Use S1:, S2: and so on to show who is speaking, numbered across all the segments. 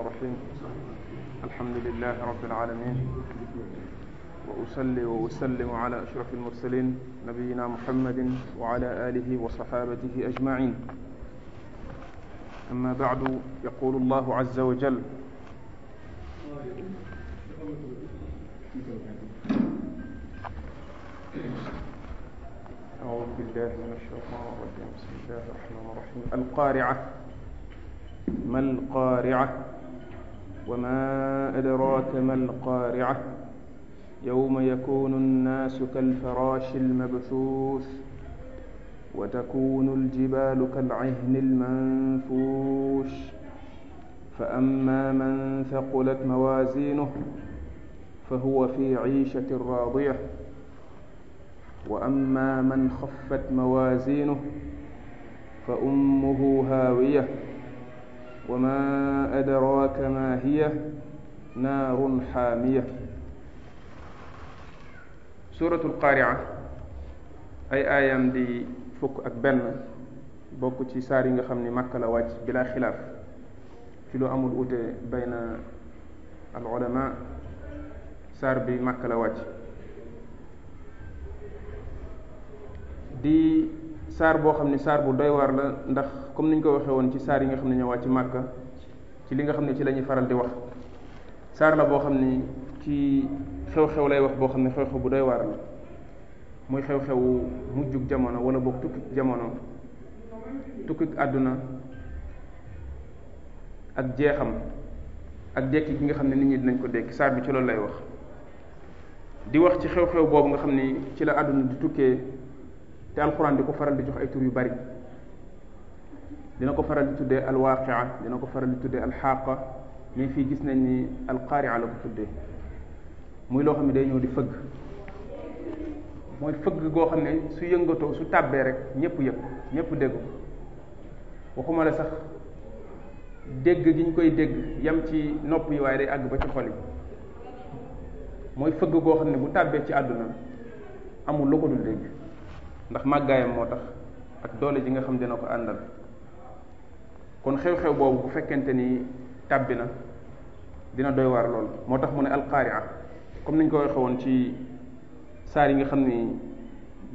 S1: الرحمن الرحيم الحمد لله رب العالمين وأصلي وأسلم على أشرف المرسلين نبينا محمد وعلى آله وصحابته أجمعين أما بعد يقول الله عز وجل أعوذ بالله من الشيطان الرجيم بسم الله الرحمن الرحيم القارعة ما القارعة wa ma adraka ma alqaari'a yawma yakunu annaasu kalfaraashi almabthuuth wa takunu aljibaalu kal'ihni almanfuush فأما من ثقلت موازينه فهو في عيشة راضية وأما من خفت موازينه فأمه هاوية wa ma adraka ma hiya naarun xaamiya suuratul qaari'a ay aayam di fukk ak benn bokk ci saar yi nga xam ni Makka la wàcc bilaa xilaaf ci loo amul ute bayna al ulama saar bi Makka la wàcc di saar boo xam ne saar bu doy waar la ndax comme ni ñu ko waxee woon ci saar yi nga xam ne ñoo wàcc màkka ci li nga xam ne ci lañuy ñuy faral di wax saar la boo xam ne ci xew-xew lay wax boo xam ne xew bu doy waar la muy xew-xewu mujjug jamono wala boog tukkik jamono tukki àdduna ak jeexam ak dekki gi nga xam ne nit ñi dinañ ko dekki saar bi ci loolu lay wax di wax ci xew-xew boobu nga xam ne ci la àdduna di tukkee te alquran di ko faral di jox ay tur yu bari dina ko faral di tuddee alwaqia dina ko faral di tuddee alxaqa mais fii gis nañ ni alqaaria la ko tuddee muy loo xam ne day ñëw di fëgg mooy fëgg goo xam ne su yëngatoo su tàbbee rek ñëpp yëpp ñëpp dégg ko la sax dégg gi ñu koy dégg yam ci nopp yi waaye day àgg ba ci xol yi mooy fëgg goo xam ne bu tàbbee ci àdduna amul lu ko dul dégg ndax màggaayam moo tax ak doole ji nga xam dina ko àndal kon xew-xew boobu bu fekkente ni tàbbi na dina doy waar loolu moo tax mu ne alqaaria comme niñ ko waxee woon ci saar yi nga xam ni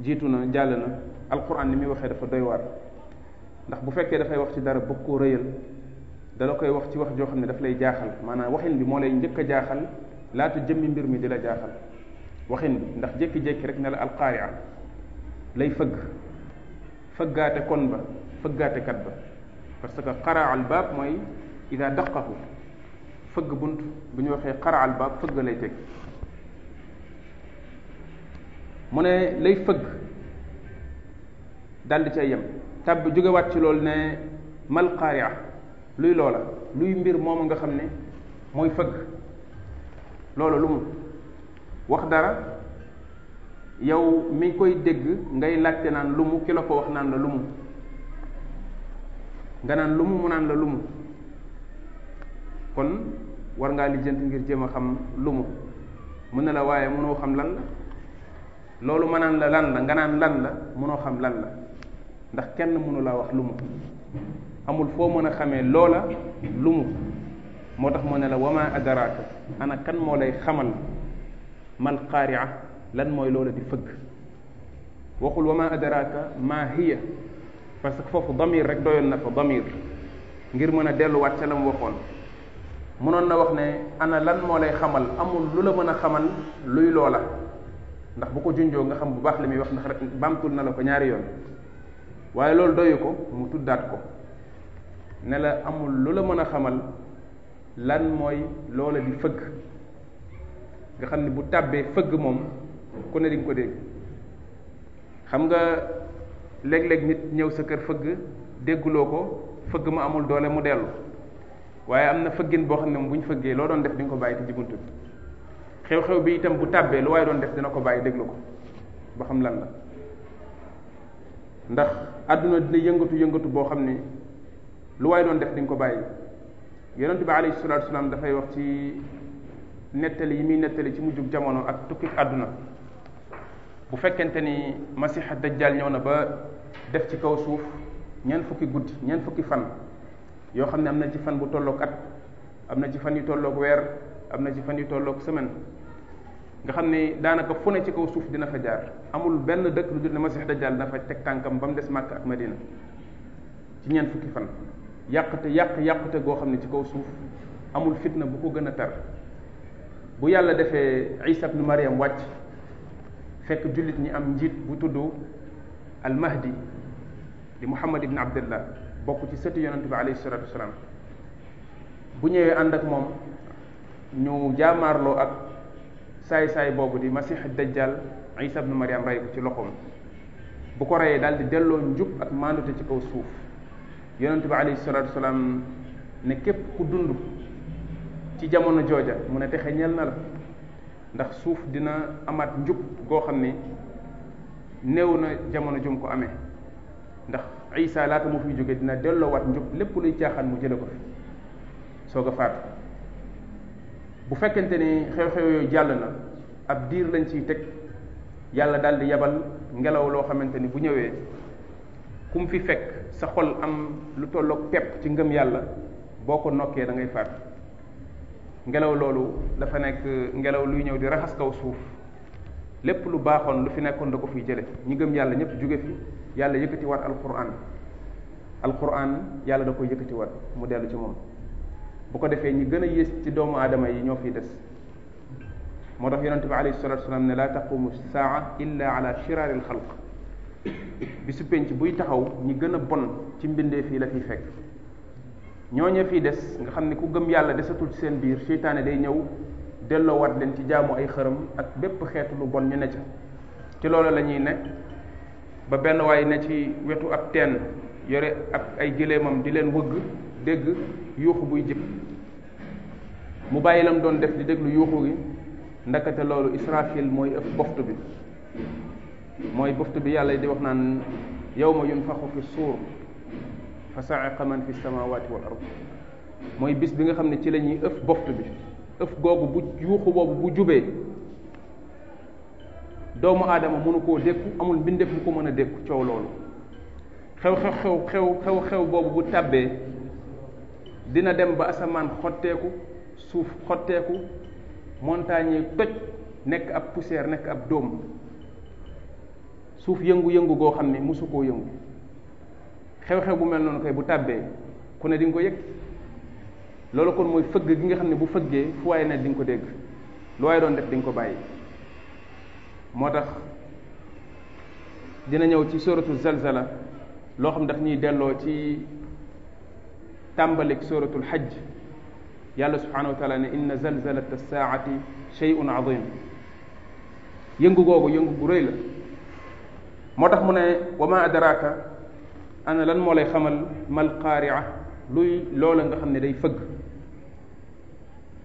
S1: jiitu na jàll na alquran ni muy waxee dafa doy waar ndax bu fekkee dafay wax ci dara bëgg koo rëyal dala koy wax ci wax joo xam ne daf lay jaaxal maanaam waxin bi moo lay njëkk a jaaxal laata jëmmi mbir mi di la jaaxal waxin bi ndax jékki-jékki rek ne la alqaaria lay fëgg fëggaate kon ba fëggaate kat ba parce que xaraal baab mooy ida daqahu fëgg bunt bu ñu waxee xaraal baab fëgg lay teg mu ne lay fëgg daldi cay yem tàbb jógewaat ci loolu ne mal qaari'a luy loola luy mbir moomu nga xam ne mooy fëgg loolu lu mu wax dara yow mi koy dégg ngay laajte naan lu mu ki la ko wax naan la lu mu nga naan lu mu mu naan la lu mu kon war ngaa lijjant ngir jéem a xam lu mu mun na la waaye mënoo xam lan la loolu ma naan la lan la nga naan lan la mënoo xam lan la ndax kenn mënu laa wax lu mu amul foo mën a xamee loola lu mu moo tax mu ne la wama adraka ana moo lay xamal mal qaari'a lan mooy loola di fëgg waxul wa ma adraka ma hiya parce que foofu damir rek doyoon na fa damir ngir mën a delluwaat ca la mu waxoon mënoon na wax ne ana lan moo lay xamal amul lu la mën a xamal luy loola ndax bu ko junjoo nga xam bu baax la muy wax ndax rek bamtul na la ko ñaari yoon waaye loolu doyu ko mu tuddaat ko ne la amul lu la mën a xamal lan mooy loola di fëgg nga xam ne bu tàbbee fëgg moom ku ne di ko dégg xam nga léeg-léeg nit ñëw sa kër fëgg dégguloo ko fëgg mu amul doole mu dellu waaye am na fëggin boo xam ne bu ñu fëggee loo doon def di ko bàyyi ci buntu bi xew-xew bi itam bu tàbbee lu waaye doon def dina ko bàyyi déglu ko ba xam lan la ndax àdduna dina yëngatu yëngatu boo xam ni lu waaye doon def di ko bàyyi yonent bi alayhi salaatu wasalaam dafay wax ci nettali yi muy nettali ci mujjug jamono ak tukkik àdduna bu fekkente ni masiha dajjal ñëw na ba def ci kaw suuf ñeent fukki guddi ñeent fukki fan yoo xam ne am na ci fan bu tolloog at am na ci fan yu tolloog weer am na ci fan yi tollook semaine nga xam ne daanaka fu ne ci kaw suuf dina fa jaar amul benn dëkk lu dul ne masiha dajjal na fa teg tànkam ba mu des Màkka ak Madina ci ñeent fukki fan yàqte yàq yàqute goo xam ne ci kaw suuf amul fitna bu ko gën a tar bu yàlla defee Isa ibnu Maryam wàcc fekk jullit ñi am njiit bu tudd al mahdi di muhammad ibn abdullah bokk ci sëti yonent bi alayhi salatu wasalaam bu ñëwee ànd ak moom ñu jaamaarloo ak saay-saay boobu di masih dajjal isa ibnu mariam rey ko ci loxoom bu ko reyee daal di delloo njub ak maandute ci kaw suuf yonent bi alayhi salatu wasalaam ne képp ku dund ci jamono jooja mu ne texe ñel na la ndax suuf dina amaat njub goo xam ne néew na jamono jum ko amee ndax isa laata mu fiy jóge dina delloowaat njub lépp luy caaxaan mu jële ko fi soog a faatu bu fekkente ni xew-xew jàll na ab diir lañ ciy teg yàlla daal di yabal ngelaw loo xamante ni bu ñëwee kum fi fekk sa xol am lu tolloog pepp ci ngëm yàlla boo ko nokkee da ngay faatu ngelaw loolu dafa nekk ngelaw luy ñëw di raxas kaw suuf lépp lu baaxoon lu fi nekkoon da ko fiy jële ñi gëm yàlla ñëpp jóge fi yàlla yëkkati waat alquran alquran yàlla da koy yëkkati mu dellu ci moom bu ko defee ñi gën a yées ci doomu aadama yi ñoo fiy des moo tax yonente bi alayhi salatu wasalam ne laa taqumu saa illa ala shiraari alxalq bi su penc buy taxaw ñi gën a bon ci mbindee yi la fiy fekk ñoo ñooñu fii des nga xam ne ku gëm yàlla desatul ci seen biir seytaane day ñëw delloowaat leen ci jaamu ay xërëm ak bépp xeetu lu bon ñu ne ca ci loolu lañuy ñuy ne ba benn waay ne ci wetu ab teen yore ab ay gëléemam di leen wëgg dégg yuuxu buy jib mu bàyyi lam doon def di déglu yuuxu gi ndakate loolu israfil mooy ëpp boftu bi mooy boft bi yàlla di wax naan yow ma yun faxu fi suur fa saaqa man fi samawati wal ard mooy bis bi nga xam ne ci lañuy ëf boft bi ëf googu bu yuuxu boobu bu jubee doomu aadama mënu koo dékku amul mbindeef mu ko mën a dékku coow loolu xew xew xew xew xew xew boobu bu tàbbee dina dem ba asamaan xotteeku suuf xotteeku montagne yi toj nekk ab poussière nekk ab dóom suuf yëngu-yëngu goo xam ne mosu koo yëngu xew-xew bu mel noonu kay bu tàbbee ku ne di nga ko yëg loolu kon mooy fëgg gi nga xam ne bu fëggee fu waaye ne di nga ko dégg lu waaye doon def di ko bàyyi moo tax dina ñëw ci sóoratu zalzala loo xam daf ñuy delloo ci tàmbalik sóoratul xaj yàlla subhanahu wa taala ne inna zalzalata saati shay'un azim yëngu googu yëngu bu rëy la moo tax mu ne wa ma ana lan moo lay xamal mal qaaria luy loola nga xam ne day fëgg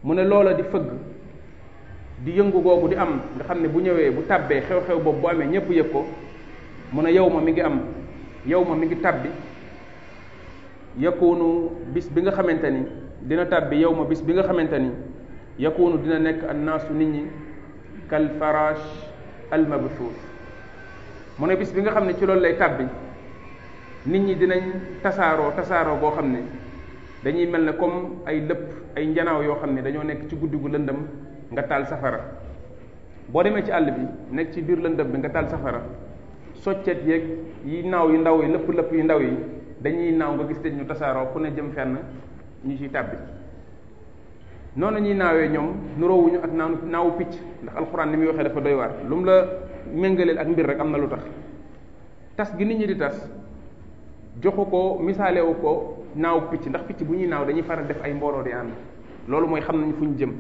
S1: mu ne loola di fëgg di yëngu googu di am nga xam ne bu ñëwee bu tàbbee xew-xew boobu bu amee ñépp yëg ko mu ne yow ma mi ngi am yow ma mi ngi tàbbi yakunu bis bi nga xamante ni dina tàbbi yow ma bis bi nga xamante ni yakunu dina nekk annaasu nit ñi kal faraash al mabsuus mu ne bis bi nga xam ne ci loolu lay tàbbi nit ñi dinañ tasaaroo tasaaroo boo xam ne dañuy mel ne comme ay lëpp ay njanaaw yoo xam ne dañoo nekk ci guddi gu lëndëm nga taal safara boo demee ci àll bi nekk ci biir lëndëm bi nga taal safara soccet yeeg yi naaw yu ndaw yi lëpp lëpp yu ndaw yi dañuy naaw nga gis te ñu tasaaroo ku ne jëm fenn ñu ciy tàbbi noonu ñuy naawee ñoom nuroowuñu ak naaw naawu picc ndax alxuraan ni muy waxee dafa doy waar lu mu la méngaleel ak mbir rek am na lu tax tas gi nit ñi di tas joxu ko misaale wu ko naaw picc ndax picc bu ñuy naaw dañuy faral def ay mbooloo di ànd loolu mooy xam nañ fu ñu jëm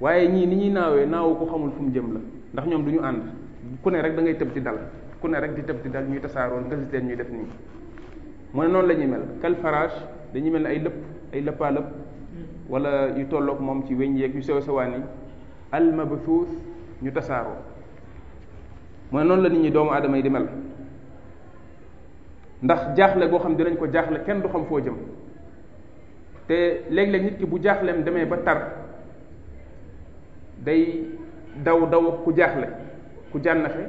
S1: waaye ñii ni ñuy naawee naawu ko xamul fu mu jëm la ndax ñoom du ñu ànd ku ne rek da ngay tëb di dal ku ne rek di tëb di dal ñuy tasaaroo nga gis ñuy def nii mu noonu la ñuy mel kal dañuy mel ne ay lëpp ay lëppaa wala yu tolloog moom ci weñ yeeg yu sew sewaan yi al ñu tasaaroo mu ne noonu la nit ñi doomu aadama yi di mel ndax jaaxle goo xam dinañ ko jaaxle kenn du xam foo jëm te léeg-léeg nit ki bu jaaxleem demee ba tar day daw daw ku jaaxle ku jànnaxe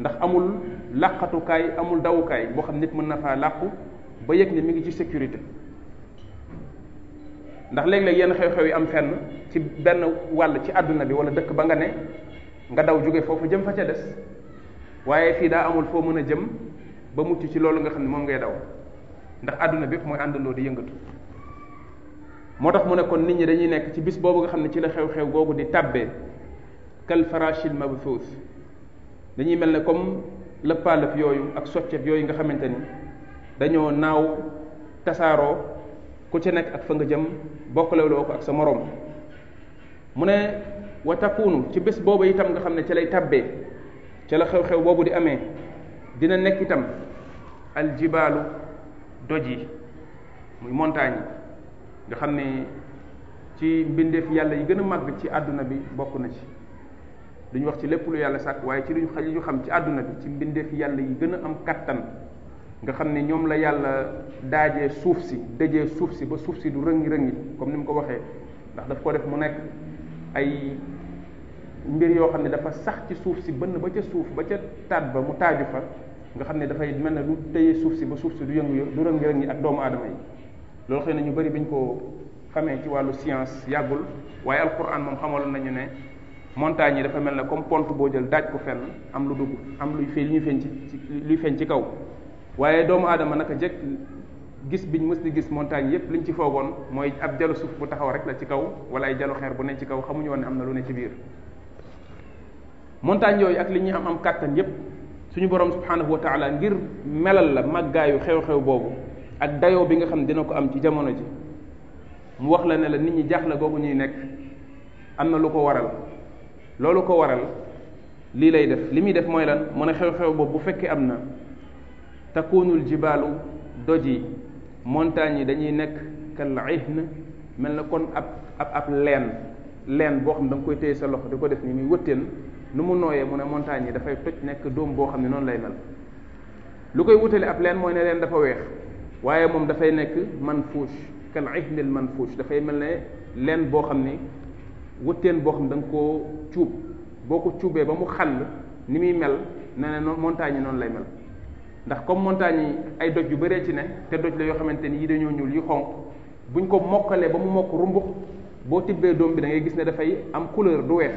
S1: ndax amul làqatukaay amul dawukaay boo xam nit mën na faa làqu ba yëg ne mi ngi ci sécurité ndax léeg-léeg yenn xew-xew yi am fenn ci benn wàll ci àdduna bi wala dëkk ba nga ne nga daw jóge foofu jëm fa ca des waaye fii daa amul foo mën a jëm ba mucc ci loolu nga xam ne moom ngay daw ndax àdduna bépp mooy àndandoo di yëngatu moo tax mu ne kon nit ñi dañuy nekk ci bis boobu nga xam ne ci la xew-xew googu di tàbbee kal farashil mabthous dañuy mel ne comme lëppaalëf yooyu ak soccet yooyu nga xamante ni dañoo naaw tasaaroo ku ci nekk ak fa nga jëm bokkalewloo ko ak sa moroom mu ne wa takunu ci bés boobu itam nga xam ne ci lay tàbbee ca la xew-xew boobu di amee dina nekk itam aljibaalu doj yi muy montagne yi nga xam ne ci mbindeef yàlla yi gën a màgg ci àdduna bi bokk na ci duñu wax ci lépp lu yàlla sàkk waaye ci luñu xaj ñu xam ci àdduna bi ci mbindeef yàlla yi gën a am kàttan nga xam ne ñoom la yàlla daajee suuf si dajee suuf si ba suuf si du rëngi rëngi comme ni mu ko waxee ndax daf ko def mu nekk ay mbir yoo xam ne dafa sax ci suuf si bënn ba ca suuf ba ca taat ba mu taaju fa nga xam ne dafay mel ne lu téye suuf si ba suuf si du yëngu du rëng-rëng ak doomu aadama yi loolu xëy na ñu bëri ñu ko xamee ci wàllu science yàggul waaye alquran moom xamaloon nañu ne montagne yi dafa mel ne comme pont boo jël daaj ko fenn am lu dugg am luy feeñ luy feeñ ci luy feeñ ci kaw waaye doomu aadama naka jekk gis biñ mës di gis montagne yépp liñ ci foogoon mooy ab jalu suuf bu taxaw rek la ci kaw wala ay jalu xeer bu ne ci kaw xamuñu woon ne am na lu ne ci biir montagne yooyu ak li ñuy am am kàttan yépp suñu borom subhanahu wa taala ngir melal la màggaayu xew-xew boobu ak dayo bi nga xam ne dina ko am ci jamono ji mu wax la ne la nit ñi jaaxle googu ñuy nekk am na lu ko waral loolu ko waral lii lay def li muy def mooy lan mu ne xew-xew boobu bu fekkee am na takunul jibaalu doj yi montagnes yi dañuy nekk kal ihn mel na kon ab ab ab leen leen boo xam da koy téye sa loxo di ko def ni muy wëtteen nu mu nooyee mu ne montagne yi dafay toj nekk doom boo xam ne noonu lay mel lu koy wutale ab leen mooy ne leen dafa weex waaye moom dafay nekk man manfuush kal man manfuush dafay mel ne lenn boo xam ne wëtteen boo xam da nga koo cuub boo ko cuubee ba mu xàll ni muy mel na ne montagne yi noonu lay mel ndax comme montagne yi ay doj yu bëree ci ne te doj la yoo xamante ni yi dañoo ñuul yu xonq buñ ko mokkalee ba mu mokk rumbux boo tibbee doom bi da ngay gis ne dafay am couleur du weex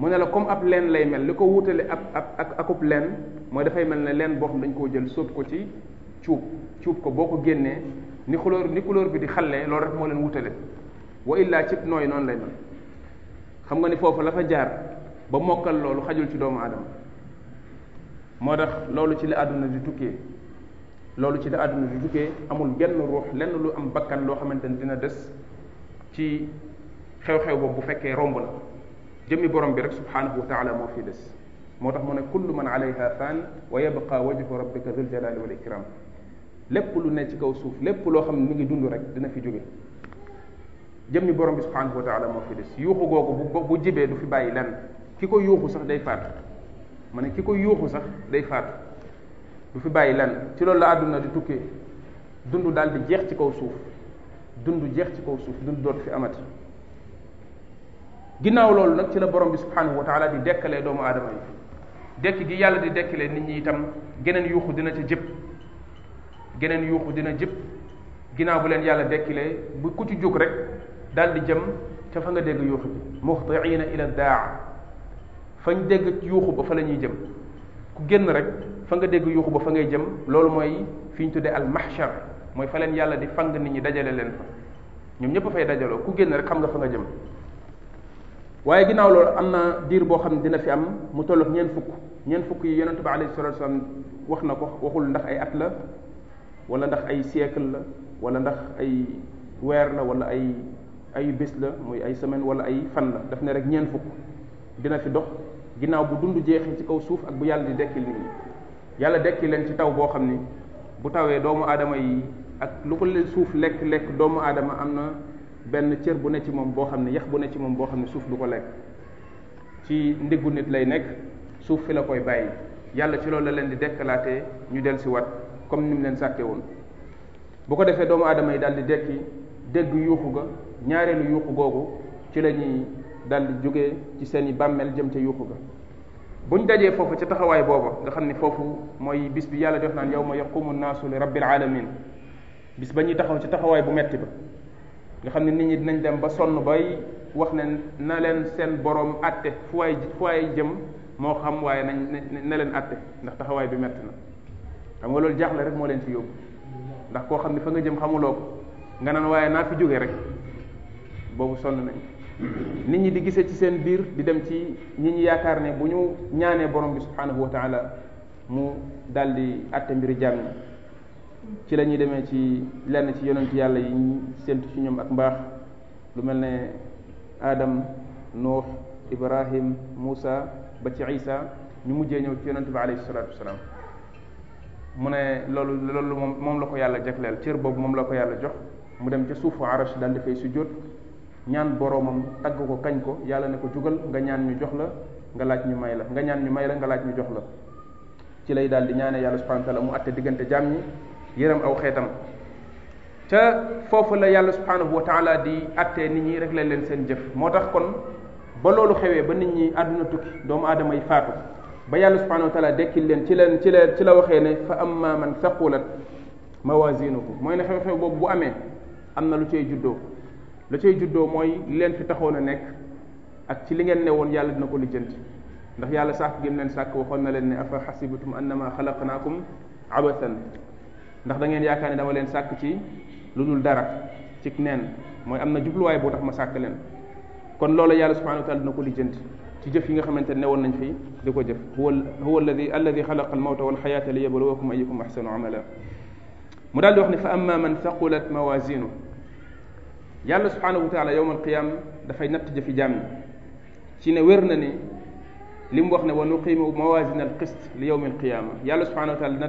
S1: mu ne la comme ab lenn lay mel li ko wutale ab ab ak akub leen mooy dafay mel ne leen boo dañ koo jël sóob ko ci cuub cuub ko boo ko génnee ni couleur ni couleur bi di xallee loolu rek moo leen wutale wa illaa cib nooy noonu lay mel xam nga ni foofu la fa jaar ba mokkal loolu xajul ci doomu aadama moo tax loolu ci la àdduna di tukkee loolu ci la àdduna di tukkee amul genn ruux lenn lu am bakkan loo xamante ni dina des ci xew-xew boobu bu fekkee romb la jëmmi borom bi rek subhanahu wa taala moo fi des moo tax mu ne kullu man alayha fan wa yabqa wajhu rabbika dhul jalali wal kiram lépp lu ne ci kaw suuf lépp loo xam ne mi ngi dund rek dina fi jóge jëmmi borom bi subhanahu wa taala moo fi des yuuxu googu bu bu jibee du fi bàyyi lenn ki ko yuuxu sax day faatu ma ne ki ko yuuxu sax day faatu du fi bàyyi lenn ci loolu la àdduna di tukkee dund daal di jeex ci kaw suuf dund jeex ci kaw suuf dund dootu fi amati ginnaaw loolu nag ci la borom bi subhanahu wa taala di dekkale doomu aadama yi dekk gi yàlla di dekkalee nit ñi itam geneen yuuxu dina ca jëpp geneen yuuxu dina jëpp ginnaaw bu leen yàlla dekkilee bu ku ci jóg rek daal di jëm ca fa nga dégg yuuxu bi muxtiina ila daa fañ dégg yuuxu ba fa la ñuy jëm ku génn rek fa nga dégg yuuxu ba fa ngay jëm loolu mooy fi ñu tuddee al mahshar mooy fa leen yàlla di fang nit ñi dajale leen fa ñoom ñëpp fay dajaloo ku génn rek xam nga fa nga jëm waaye ginnaaw loolu am na diir boo xam ne dina fi am mu tolloog ñeent fukk ñeent fukk yi yonent bi alayhi salatu wasallam wax na ko waxul ndax ay at la wala ndax ay siècle la wala ndax ay weer la wala ay ay bés la muy ay semaine wala ay fan la daf ne rek ñeent fukk dina fi dox ginnaaw bu dund jeexee ci kaw suuf ak bu yàlla di dekkil nit yàlla dekki leen ci taw boo xam ni bu tawee doomu aadama yi ak lu ko leen suuf lekk-lekk doomu aadama am na benn cër bu ne ci moom boo xam ne yax bu ne ci moom boo xam ne suuf du ko lekk ci ndiggu nit lay nekk suuf fi la koy bàyyi yàlla ci loolu la leen di dekkalaatee ñu del si comme ni mu leen sàkke woon bu ko defee doomu aadama yi daal di dekki dégg yuuxu ga ñaareelu yuuxu googu ci la ñuy daal di jóge ci seen i bàmmeel jëm ca yuuxu ga buñ dajee foofu ca taxawaay booba nga xam ne foofu mooy bis bi yàlla jox naan yow ma yaqumu naasu li rabbil alamin bis ba ñuy taxaw ci taxawaay bu metti ba nga xam ne nit ñi dinañ dem ba sonn bay wax ne na leen seen borom àtte fu waay fu waay jëm moo xam waaye nañ na leen àtte ndax taxawaay bi metti na xam nga loolu jaaxle rek moo leen ci yóbbu ndax koo xam ne fa nga jëm xamuloo ko nga naan waaye naa fi jóge rek boobu sonn nañ nit ñi di gisee ci seen biir di dem ci ñi ñu yaakaar ne bu ñu ñaanee borom bi subhanahu wa taala mu daldi àtte mbiri jàmm ci la ñuy demee ci lenn ci yonent yàlla yi ñu ci ñoom ak mbaax lu mel ne Adam Nuux Ibrahim Muusa ba ci Isa ñu mujjee ñëw ci yonent bi alayhi salaatu wasalaam mu ne loolu loolu moom moom la ko yàlla jagleel cër boobu moom la ko yàlla jox mu dem ca suufu arash daal di fay sujjóot ñaan boroomam tagg ko kañ ko yàlla ne ko jugal nga ñaan ñu jox la nga laaj ñu may la nga ñaan ñu may la nga laaj ñu jox la ci lay daal di ñaane yàlla subhanahu wa taala mu atte diggante jaam yërëm aw xeetam ca foofu la yàlla subhanahu wa taala di attee nit ñi régler leen seen jëf moo tax kon ba loolu xewee ba nit ñi àdduna tukki doomu aadama yi faatu ba yàlla subhanahu wa taala dekkil leen ci leen ci la ci la waxee ne fa amma man saqulat mawazinuhu mooy ne xew-xew boobu bu amee am na lu cay juddoo lu cay juddoo mooy leen fi taxoon a nekk ak ci li ngeen ne woon yàlla dina ko lijjanti ndax yàlla sàkk gi mu leen sàkk waxoon na leen ne afa xasibatum annama xalaqnaakum abathan ndax da ngeen yaakaar ne dama leen sàkk ci lu dul dara ci neen mooy am na jubluwaay boo tax ma sàkk leen kon loolu yàlla subhanahu wa taala dina ko lijjanti ci jëf yi nga xamante ne woon nañ fi di ko jëf huwa huwa alladi alladi xalaqa almawta walxayaata li yabluwakum ayukum axsanu amala mu daal di wax ne fa amma man thaqulat mawasinu yàlla subhanahu wa taala yowma alqiyama dafay natt jëfi jaam yi ci ne wér na ni li mu wax ne wa nuqimu mawasina alqist li yowmi alqiyama yàlla subhanahu wa taala dina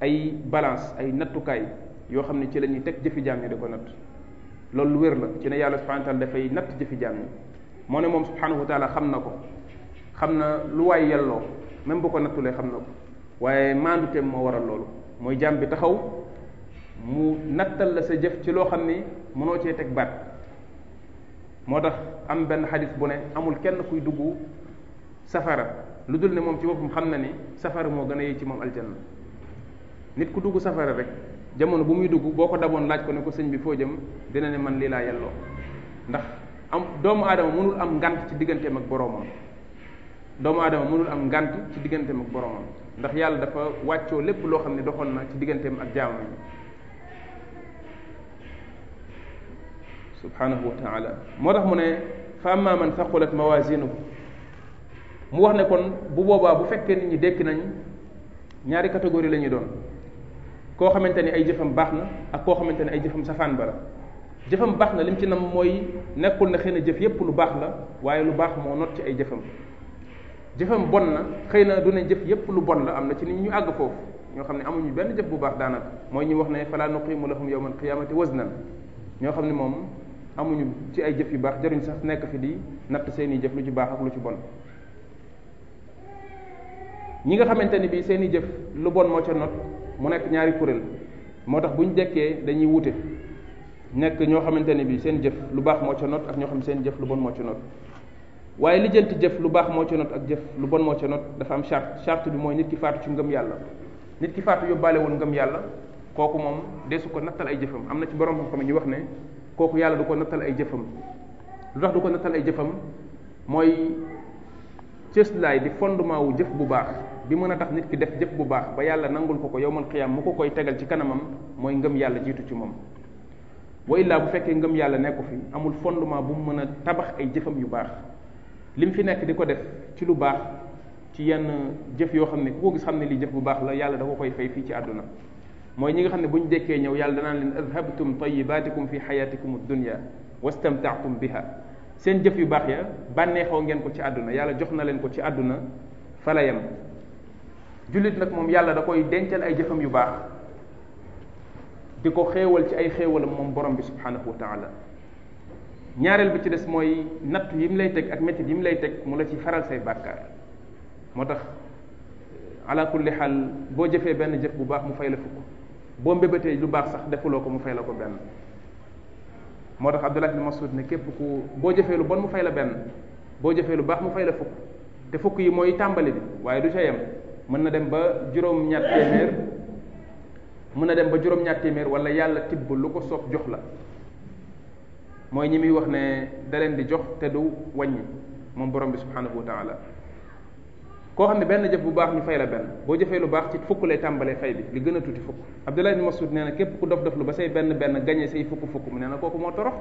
S1: ay balance ay nattukaay yoo xam ne ci lañuy teg jëfi jaam ñi di ko natt loolu lu wér la ci ne yàlla subhanahu wa taala dafay natt jëfi jaam ñi moo ne moom subhanahu wa xam na ko xam na lu waay yelloo même bu ko nattulee xam na ko waaye maanduteem moo waral loolu mooy jaam bi taxaw mu nattal la sa jëf ci loo xam ni mënoo cee teg baat moo tax am benn xadis bu ne amul kenn kuy dugg safara lu dul ne moom ci boppam xam na ni safara moo gën a yey ci moom aljanna nit ku dugg safara rek jamono bu muy dugg boo ko daboon laaj ko ne ko sëñ bi foo jëm dina ne man lii laa yàlloo ndax am doomu aadama mënul am ngant ci digganteem ak boroomam doomu aadama mënul am ngant ci digganteem ak boroomam ndax yàlla dafa wàccoo lépp loo xam ne doxoon na ci digganteem ak jaamam yi subhanahu wa moo tax mu ne fa amma man saqulat ko mu wax ne kon bu boobaa bu fekkee nit ñi dekk nañ ñaari catégorie lañuy doon koo xamante ni ay jëfam baax na ak koo xamante ni ay jëfam safaan ba la jëfam baax na lim ci nam mooy nekkul na xëy na jëf yépp lu baax la waaye lu baax moo not ci ay jëfam jëfam bon na xëy na du ne jëf yépp lu bon la am na ci nit ñu àgg foofu ñoo xam ne amuñu benn jëf bu baax daanaka mooy ñu wax ne fala nuqimu lahum yawmal qiyamati waznan ñoo xam ne moom amuñu ci ay jëf yu baax jaruñ sax nekk fi di natt seeni jëf lu ci baax ak lu ci bon ñi nga xamante ni bii seeni jëf lu bon moo ca not mu nekk ñaari kuréel moo tax bu ñu dekkee dañuy wute nekk ñoo xamante ne bi seen jëf lu baax moo ca not ak ñoo xam seen jëf lu moo ca not waaye lijjanti jëf lu baax moo ca not ak jëf lu bon moo ca not dafa am charte charte bi mooy nit ki faatu ci ngëm yàlla nit ki faatu yóbbaale woon ngëm yàlla kooku moom desu ko nattal ay jëfam am na ci borom xam-xam ñu wax ne kooku yàlla du ko nattal ay jëfam lu tax du ko nattal ay jëfam mooy cëslaay di fondement wu jëf bu baax bi mën a tax nit ki def jëf bu baax ba yàlla nangul ko ko yowmal xiyaam mu ko koy tegal ci kanamam mooy ngëm yàlla jiitu ci moom wa illaa bu fekkee ngëm yàlla nekku fi amul fondement bu mu mën a tabax ay jëfam yu baax li mu fi nekk di ko def ci lu baax ci yenn jëf yoo xam ne ku ko gis xam ne lii jëf bu baax la yàlla da ko koy fay fii ci àdduna mooy ñi nga xam ne bu ñu dekkee ñëw yàlla danaa leen adhabtum tayyibatikum fi xayatikum dunya wastamtaatum biha seen jëf yu baax ya bànneexoo ngeen ko ci àdduna yàlla jox na leen ko ci àdduna fa yem jullit nag moom yàlla da koy dencal ay jëfam yu baax di ko xéewal ci ay xéewalam moom borom bi subhanahu wa taala ñaareel bi ci des mooy natt yi mu lay teg ak métit yi mu lay teg mu la ci faral say bàkkaar moo tax ala kulli boo jëfee benn jëf bu baax mu fay la fukk boo mbébétee lu baax sax defuloo ko mu fay la ko benn moo tax Abdullah ibn Mas'ud ne képp ku boo jëfee lu bon mu fay la benn boo jëfee lu baax mu fay la fukk te fukk yi mooy tàmbali waaye du ca yem mën na dem ba juróom-ñatt téeméer mën na dem ba juróom-ñatt téeméer wala yàlla tibb lu ko soob jox la mooy ñi muy wax ne da di jox te du wàññi moom borom bi subhanahu wa taala koo xam ne benn jëf bu baax ñu fay la benn boo jëfee lu baax ci fukk lay tàmbalee fay bi li gën a tuuti fukk Abdullah ibn Mas'ud nee na képp ku dof dof lu ba say benn benn gañe say fukk fukk mu nee na kooku moo torox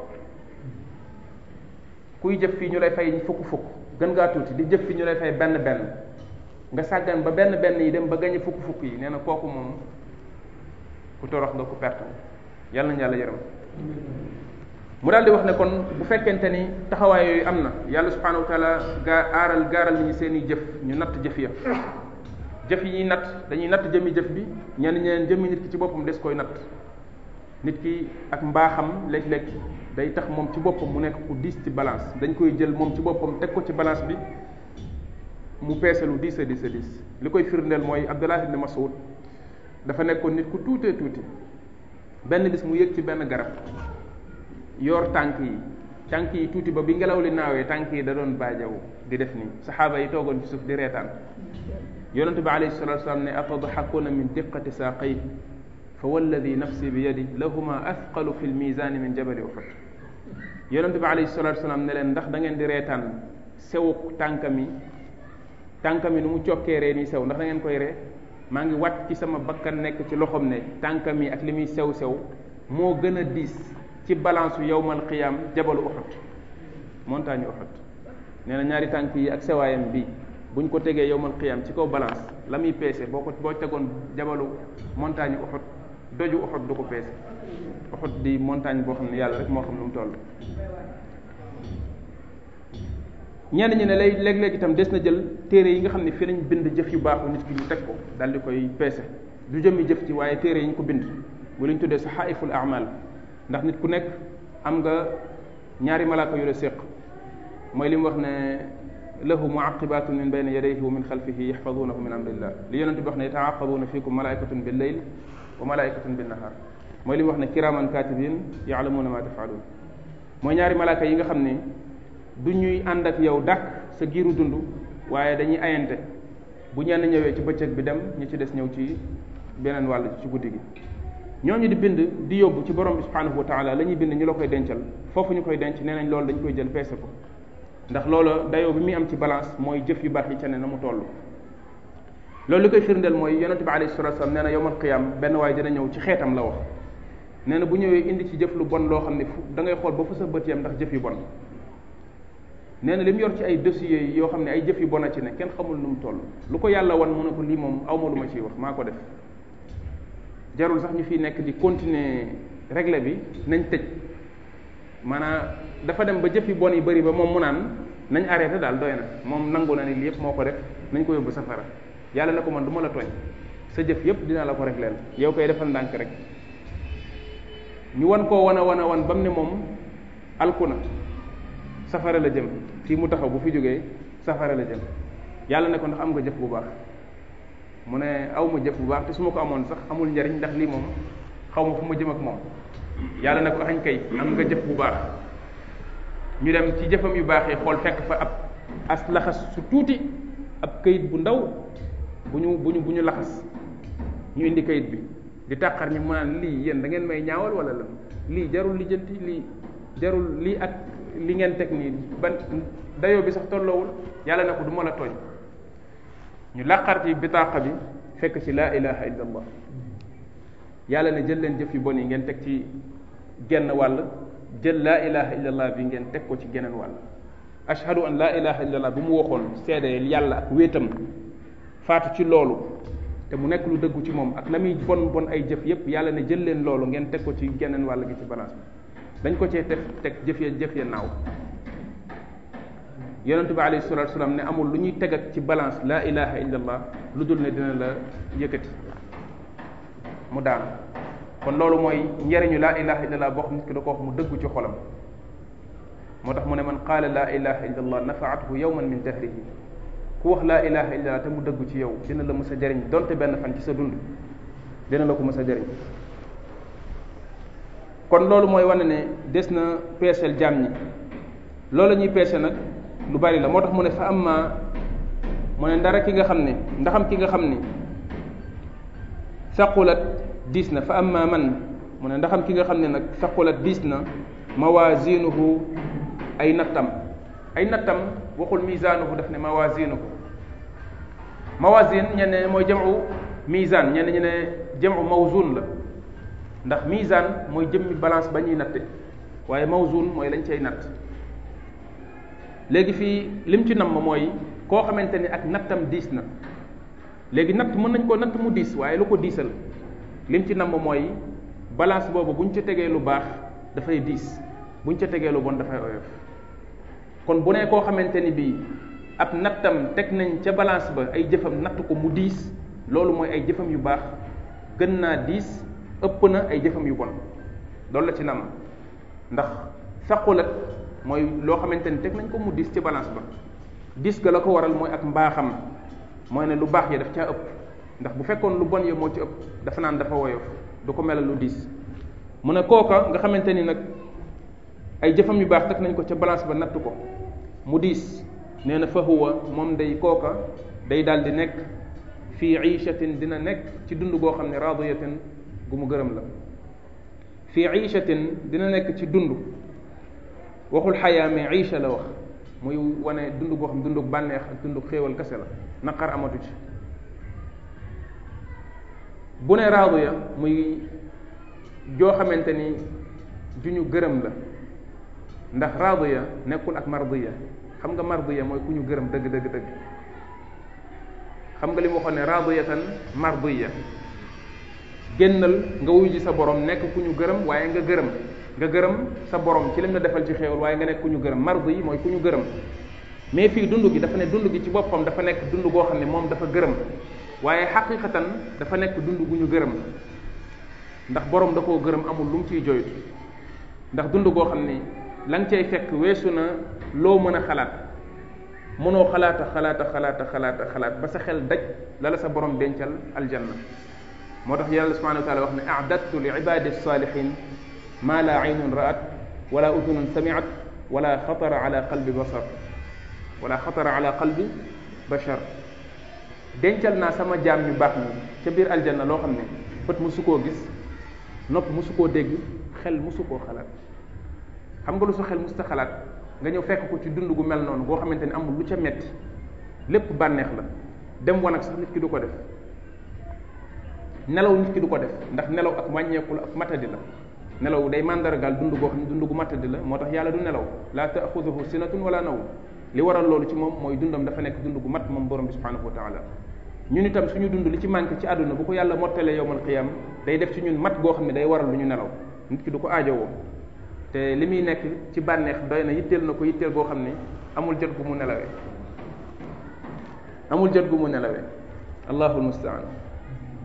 S1: kuy jëf fii ñu lay fay fukk fukk gën gaa tuuti di jëf fii ñu lay fay benn benn nga sàggan ba benn benn yi dem ba gañe fukk fukk yi nee na kooku moom ku torox nga ku perte yàlla na yàlla yërëm mu daal di wax ne kon bu fekkente ni taxawaay yooyu am na yàlla subhanahu gaa aaral gaaral nañu seen i jëf ñu natt jëf ya jëf yi ñuy natt dañuy natt jëmi jëf bi ñenn ñeneen jëmi nit ki ci boppam des koy natt nit ki ak mbaaxam léeg-léeg day tax moom ci boppam mu nekk ku diis ci balance dañ koy jël moom ci boppam teg ko ci balance bi mu peese lu diis a diis a diis li koy firndeel mooy Abdullah ibn Mas'ud dafa nekkoon nit ku tuutee tuuti benn bis mu yëg ci benn garab yor tànk yi tànk yi tuuti ba bi ngelaw li naawee tànk yi da doon baajawu di def nii saxaaba yi toogoon ci suuf di reetaan yonente bi alayhi salatu wasalaam ne atadxakuna min diqati saaqay fa walladi nafsi bi yadi lahuma athqalu fi lmisani min jabali uhud yonente bi alayhi salatu wasalaam ne leen ndax da ngeen di reetaan sewuk tànkam yi tànkam yi nu mu cokkee reen yi sew ndax da ngeen koy ree maa ngi wat ci sama bakkan nekk ci loxoom ne tànkam yi ak li muy sew sew moo gën a diis ci balance yu yowmal qiyam jabalu Uhud montagne Uhud nee na ñaari tànk yi ak sewaayam bi bu ñu ko tegee yowmal qiyam ci kaw balance la muy peese boo ko boo tegoon jabalu montagne Uhud doju Uhud du ko peese Uhud di montagne boo xam ne yàlla rek moo xam lu mu toll ñenn ñi ne lay léeg-léeg itam des na jël téere yi nga xam ne fii lañ bind jëf yu baaxu nit ki ñu teg ko daal di koy peese du jëmmi jëf ci waaye téere yi ñu ko bind mu lañ tuddee saxaaiful amal ndax nit ku nekk am nga ñaari malaaka yu la séq mooy li mu wax ne lahu muaqibatun min bayna yadayhi wa min xalfihi yaxfadunahu min amrillah li yonente bi wax ne taaqabuna fikum malaikatun bil layl wa malaikatun bin nahar mooy li mu wax ne kiraman katibin yaalamuuna ma tafaaluun mooy ñaari malaaka yi nga xam ne du ñuy ànd ak yow dàq sa giiru dund waaye dañuy ayante bu ñeen ñëwee ci bëccëg bi dem ñu ci des ñëw ci beneen wàll ci guddi gi ñu di bind di yóbbu ci borom bi subhanahu wa taala la ñuy bind ñu la koy dencal foofu ñu koy denc nee nañ loolu dañ koy jël peese ko ndax loolu dayoo bi muy am ci balance mooy jëf yu baax yi ca ne na mu toll loolu li koy firndeel mooy yonente bi alayhi salatu wasallam nee na yowmal qiyam benn waaye dina ñëw ci xeetam la wax nee na bu ñëwee indi ci jëf bon loo xam ne fu da xool ba fu sa bët ndax jëf yu bon nee na li mu yor ci ay dossiers yoo xam ne ay jëf yu bon a ci ne kenn xamul nu mu toll lu ko yàlla wan mu ne ko lii moom aw ma lu ma ciy wax maa ko def sax ñu fiy nekk di continuer régler bi nañ tëj maanaam dafa dem ba jëf yu bon yi bëri ba moom mu naan nañ arrêté daal doy na moom nangu na ni lii moo ko def nañ ko yóbbu safara yàlla na ko man du ma la tooñ sa jëf yëpp dinaa la ko régler yow koy defal ndànk rek ñu wan koo wan a wan a wan ba ne moom alku na safara la jëm fii mu taxaw bu fi jógee safara la jëm yàlla ne ko ndax am nga jëf bu baax mu ne aw ma jëf bu baax te su ma ko amoon sax amul njariñ ndax lii moom xaw ma fu ma jëm ak moom yàlla ne ko añ kayit am nga jëf bu baax ñu dem ci jëfam yu baaxee xool fekk fa ab as laxas su tuuti ab kayit bu ndaw bu ñu bu ñu bu ñu laxas ñu indi kayit bi di tàqar ñi mu naan lii yéen da ngeen may ñaawal wala lan lii jarul lijjanti lii jarul lii ak li ngeen teg nii ban dayoo bi sax tolloowul yàlla ne ko du ma la tooñ ñu làqar ci bitaaqa bi fekk ci laa ilaha illa yàlla ne jël leen jëf yi bon yi ngeen teg ci genn wàll jël laa ilaha illa allah bi ngeen teg ko ci geneen wàll ashhadu an laa ilaha illa allah bu mu waxoon seede yàlla ak wéetam faatu ci loolu te mu nekk lu dëggu ci moom ak la muy bon bon ay jëf yépp yàlla na jël leen loolu ngeen teg ko ci geneen wàll gi ci balance dañ ko cee def teg jëf ya jëf ya naaw yonente bi alayhi salatu salaam ne amul lu ñuy teg ak ci balance la ilaha illallah lu dul ne dina la yëkkati mu daanu kon loolu mooy njariñu la ilaha illallah boo xam nit ki da ko wax mu dëggu ci xolam moo tax mu ne man qaala la ilaha illallah nafaatuhu yawman min dahrihi ku wax laa ilaha illallah te mu dëggu ci yow dina la mës a jariñ donte benn fan ci sa dund dina la ko mës a jariñ kon loolu mooy wane ne des na peeseel jaam ñi loolu lañuy ñuy peese nag lu bari la moo tax mu ne fa am ma mu ne ndara ki nga xam ne ndaxam ki nga xam ni saqulat diis na fa am ma man mu ne ndaxam ki nga xam ne nag saqulat diis na mawaazinuhu ay nattam ay nattam waxul misaanuhu def ne mawaazinuhu mawaazin ñene mooy jamu misaan ñene ñu ne jamu mawzun la ndax misaan mooy jëmmi balance ba ñuy natte waaye mawzun mooy lañ cay natt léegi fii lim ci namm mooy koo xamante ni ak nattam diis na léegi natt mën nañ koo natt mu diis waaye lu ko diisal lim ci namm mooy balance boobu buñ ca tegee lu baax dafay diis buñ ca tegee lu bon dafay oyof kon bu ne koo xamante ni bii ab nattam teg nañ ca balance ba ay jëfam natt ko mu diis loolu mooy ay jëfam yu baax gën naa diis ëpp na ay jëfam yu bon loolu la ci nam ndax saqulat mooy loo xamante ni teg nañ ko mu dis ci balance ba dis ga la ko waral mooy ak mbaaxam mooy ne lu baax ya daf caa ëpp ndax bu fekkoon lu bon ya moo ci ëpp dafa naan dafa woyof du ko melal lu dis mu ne kooka nga xamante ni nag ay jëfam yu baax teg nañ ko ca balance ba natt ko mu diis nee na fa huwa moom day kooka day daal di nekk fii iishatin dina nekk ci dund goo xam ne raadiyatin gu mu gërëm la fii iishatin dina nekk ci dund waxul xayaa mais iisha la wax muy wane dund goo xam dundug bànneex ak dundug xéewal kese la naqar amatu ci bu ne raadu ya muy joo xamante ni ju ñu gërëm la ndax raadu ya nekkul ak mardiya xam nga mardiya mooy ku ñu gërëm dëgg dëgg xam nga li mu waxoon ne raadiyatan mardiya génnal nga wuy sa borom nekk ku ñu gërëm waaye nga gërëm nga gërëm sa borom ci lim la defal ci xéewal waaye nga nekk ku ñu gërëm mardu yi mooy ku ñu gërëm mais fii dund gi dafa ne dund gi ci boppam dafa nekk dund goo xam ne moom dafa gërëm waaye xaqiqatan dafa nekk dund gu ñu gërëm ndax borom da koo gërëm amul lum ciy joytu ndax dund goo xam ne la cay fekk weesu na loo mën a xalaat mënoo xalaata xalaata xalaata xalaata xalaat ba sa xel daj lala sa borom dencal aljanna moo tax yàlla subhanahu wa taala wax ne adattu li ibadi salihin ma la aynun ra'at wala udunun samiat wala xatara ala qalbi basar wala xatara ala qalbi bashar dencal naa sama jaam ñu baax ñi ca biir aljanna loo xam ne bët mësu koo gis nopp mësu koo dégg xel mësu koo xalaat xam nga lu sa xel mësta xalaat nga ñëw fekk ko ci dund gu mel noonu boo xamante ni amul lu ca metti lépp bànneex la dem wan ak sax nit ki du ko def nelaw nit ki du ko def ndax nelaw ak wàññeeku la ak matadi la nelaw day mandargaal dund goo xam ne dund gu matadi la moo tax yàlla du nelaw la taaxuduhu sinatun wala nawm li waral loolu ci moom mooy dundam dafa nekk dund gu mat moom borom bi subhanahu wa taala ñun itam suñu dund li ci manqué ci àdduna bu ko yàlla mottalee yowmal qiyam day def ci ñun mat goo xam ne day waral lu ñu nelaw nit ki du ko aajowoo te li muy nekk ci bànneex doy na yitteel na ko yitteel goo xam ne amul jot gu mu nelawee amul jot gu mu nelawee allahul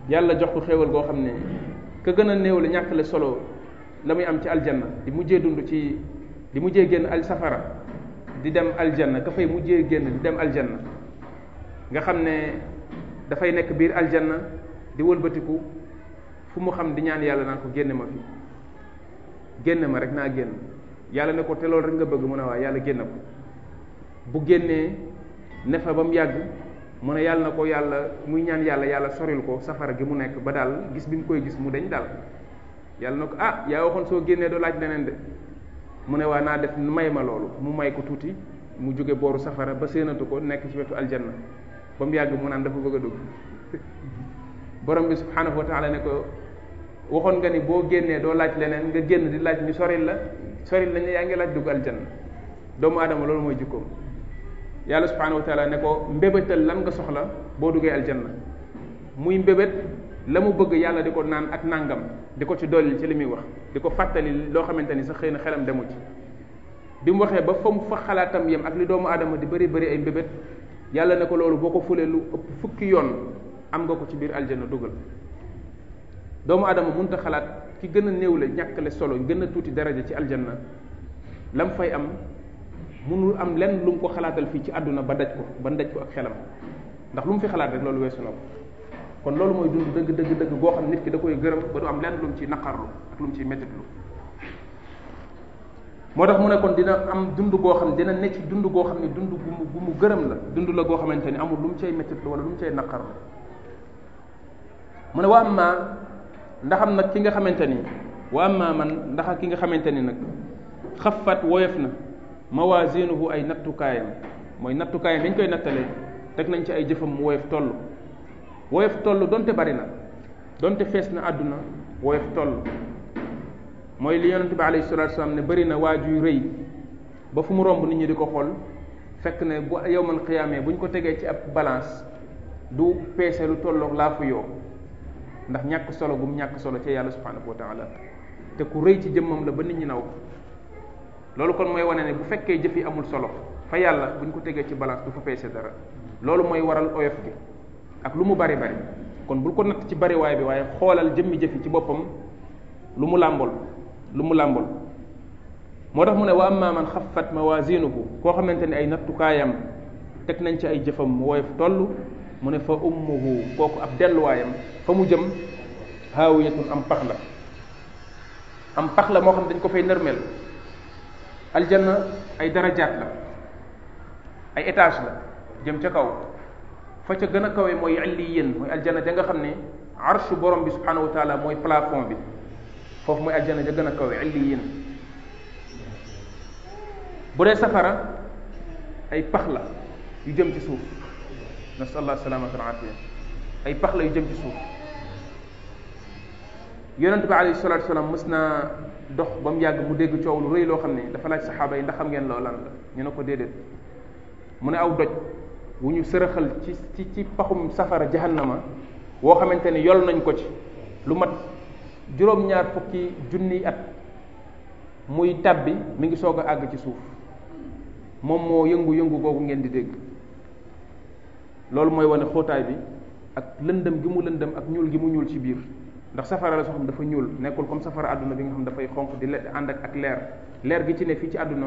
S1: yàlla jox ko xéewal boo xam ne ka gën a néew la ñàkkale solo la muy am ci aljanna di mujjee dund ci di mujjee génn al safara di dem aljanna ka fay mujjee génn di dem aljanna nga xam ne dafay nekk biir aljanna di wëlbatiku fu mu xam di ñaan yàlla naan ko génne ma fi génne ma rek naa génn yàlla ne ko te loolu rek nga bëgg mu a waa yàlla génne ko bu génnee ne fa ba mu yàgg mu ne yàlla na ko yàlla muy ñaan yàlla yàlla soril ko safara gi mu nekk ba daal gis bi mu koy gis mu dañ daal yàlla na ko ah yaa waxoon soo génnee doo laaj leneen de mu ne waa naa def may ma loolu mu may ko tuuti mu jóge booru safara ba séenatu ko nekk ci wetu aljanna ba mu yàgg mu naan dafa bëgg a dugg borom bi subhanahu wa taala ne ko waxoon nga ni boo génnee doo laaj leneen nga génn di laaj ñu soril la soril lañu yaa ngi laaj dugg aljanna doomu aadama loolu mooy jikkoom yàlla subhanahu wa taala ne ko mbébétal lan nga soxla boo duggee aljanna muy mbébét la mu bëgg yàlla di ko naan ak nangam di ko ci dolli ci li muy wax di ko fàttali loo xamante ni sax xëy na xelam demu ci bi mu waxee ba fa mu fa xalaatam yem ak li doomu aadama di bëri bëri ay mbébét yàlla ne ko loolu boo ko fulee lu ëpp fukki yoon am nga ko ci biir aljanna dugal doomu aadama mënut a xalaat ki gën a néew la ñàkkale solo gën a tuuti daraja ci aljanna lam fay am mënul am lenn lu ko xalaatal fii ci àdduna ba daj ko ba daj ko ak xelam ndax lu fi xalaat rek loolu weesu na ko kon loolu mooy dund dëgg dëgg dëgg goo xam nit ki da koy gërëm ba du am lenn lu mu ciy naqarlu ak lu mu ciy métitlu moo tax mu ne kon dina am dund goo xam ne dina ne ci dund goo xam ne dund gu mu gu gërëm la dund la goo xamante ni amul lu mu cay métitlu wala lu mu cay naqarlu mu ne waa am maa ndax am nag ki nga xamante ni wa am maa man ndax ki nga xamante ni nag xafat woyof na mawasinuhu ay nattukaayam mooy nattukaayam dañ koy nattalee teg nañ ci ay jëfam mu woyof toll woyof toll donte bari na donte fees na àdduna woyof toll mooy li yonente bi alayhi salatu ne bëri na waa juy rëy ba fu mu romb nit ñi di ko xool fekk ne bu yowmal xiyaamee bu ñu ko tegee ci ab balance du peese lu tolloog laa fu yoo ndax ñàkk solo gu mu ñàkk solo ci yàlla subhanahu wa taala te ku rëy ci jëmmam la ba nit ñi naw loolu kon mooy wane ne bu fekkee jëf amul solo fa yàlla bu ñu ko tegee ci balance du fa peese dara loolu mooy waral oyof gi ak lu mu bari bari kon bul ko natt ci bariwaay bi waaye xoolal jëmmi jëf ci boppam lu mu làmbool lu mu làmbool moo tax mu ne wa amma man xaffat mawazinuhu koo xamante ne ay nattukaayam teg nañ ci ay jëfam mu woyof toll mu ne fa ummuhu kooku ab delluwaayam fa mu jëm haawiyatun am pax la am pax la moo xam dañ ko fay nërmeel aljanna ay darajaat la ay étage la jëm ca kaw fa ca gën a kawe mooy mooy aljanna ja nga xam ne arshu borom bi subhanahu wa mooy plafond bi foofu mooy aljanna ja gën a kawe alliyin bu dee safara ay pax la yu jëm ci suuf nasallah salamata wal afiya ay pax la yu jëm ci suuf yonent bi alayhi salatu wasalam mës na dox ba mu yàgg mu dégg coow lu rëy loo xam ne dafa laaj saxaaba yi ndax xam ngeen loolu lan la ñu ne ko déedéet mu ne aw doj wu ñu sërëxal ci ci ci paxum safara jahannama woo xamante ne yol nañ ko ci lu mat juróom-ñaar fukki junniy at muy tàbbi mi ngi soog a àgg ci suuf moom moo yëngu-yëngu googu ngeen di dégg loolu mooy wane xóotaay bi ak lëndëm gi mu lëndëm ak ñuul gi mu ñuul ci biir ndax safara la soo xam dafa ñuul nekkul comme safara àdduna bi nga xam dafay xonq di ànd ak ak leer leer gi ci ne fii ci àdduna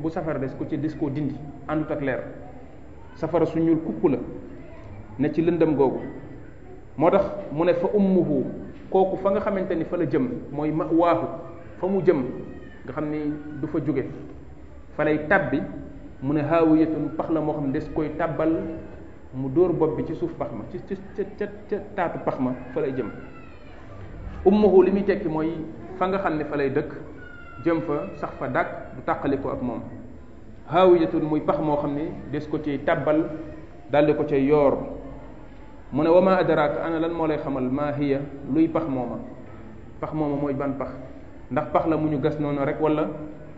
S1: bu safara des ko ci des koo dindi àndut ak leer safara su ñuul kukk la ne ci lëndam googu moo tax mu ne fa ummuhu kooku fa nga xamante ni fa la jëm mooy ma waahu fa mu jëm nga xam ni du fa jóge fa lay tàbbi mu ne haawiyatun pax la moo xam des koy tàbbal mu dóor bopp bi ci suuf pax ma ci ci ca ca taatu pax ma fa lay jëm ummuhu li muy tekki mooy fa nga xam ne fa lay dëkk jëm fa sax fa dàkk du tàqaliko ak moom haawiyatun muy pax moo xam ne des ko ciy tàbbal daldi ko cay yoor mu ne wa ma adraka moo lay xamal maa hiya luy pax mooma pax mooma mooy ban pax ndax pax la mu ñu gas noonu rek wala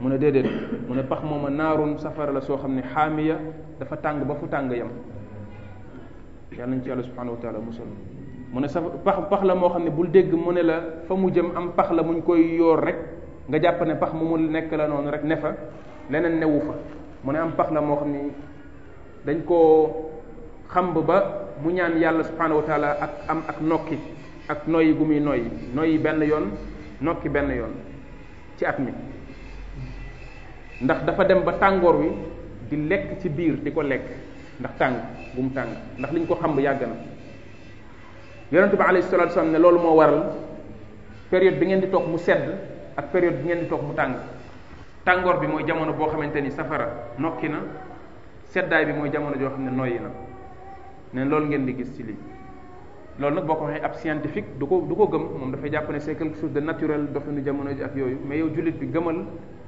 S1: mu ne déedéet mu ne pax mooma naarun safara la soo xam ne xaamiya dafa tàng ba fu tàng yam yàlla nañ ci yàlla subhanahu wa taala musal mu ne sa pax pax la moo xam ne bul dégg mu ne la fa mu jëm am pax la muñ koy yoor rek nga jàpp ne pax mu mu nekk la noonu rek ne fa leneen newu fa mu ne am pax la moo xam ni dañ koo xamb ba mu ñaan yàlla subhanahu wa taala ak am ak nokki ak noyyi gu muy noyyi noyyi benn yoon nokki benn yoon ci at mi ndax dafa dem ba tàngoor wi di lekk ci biir di ko lekk ndax tàng bu mu tàng ndax liñ ko xamb yàgg na yonente bi alayhi salatu wasallam ne loolu moo waral période bi ngeen di toog mu sedd ak période bi ngeen di toog mu tàng tàngoor bi mooy jamono boo xamante ni safara nokki na seddaay bi mooy jamono joo xam ne noyyi na ne loolu ngeen di gis ci lii loolu nag boo ko waxee ab scientifique du ko du ko gëm moom dafay jàpp ne c'est quelque chose de naturel doxinu jamono ji ak yooyu mais yow jullit bi gëmal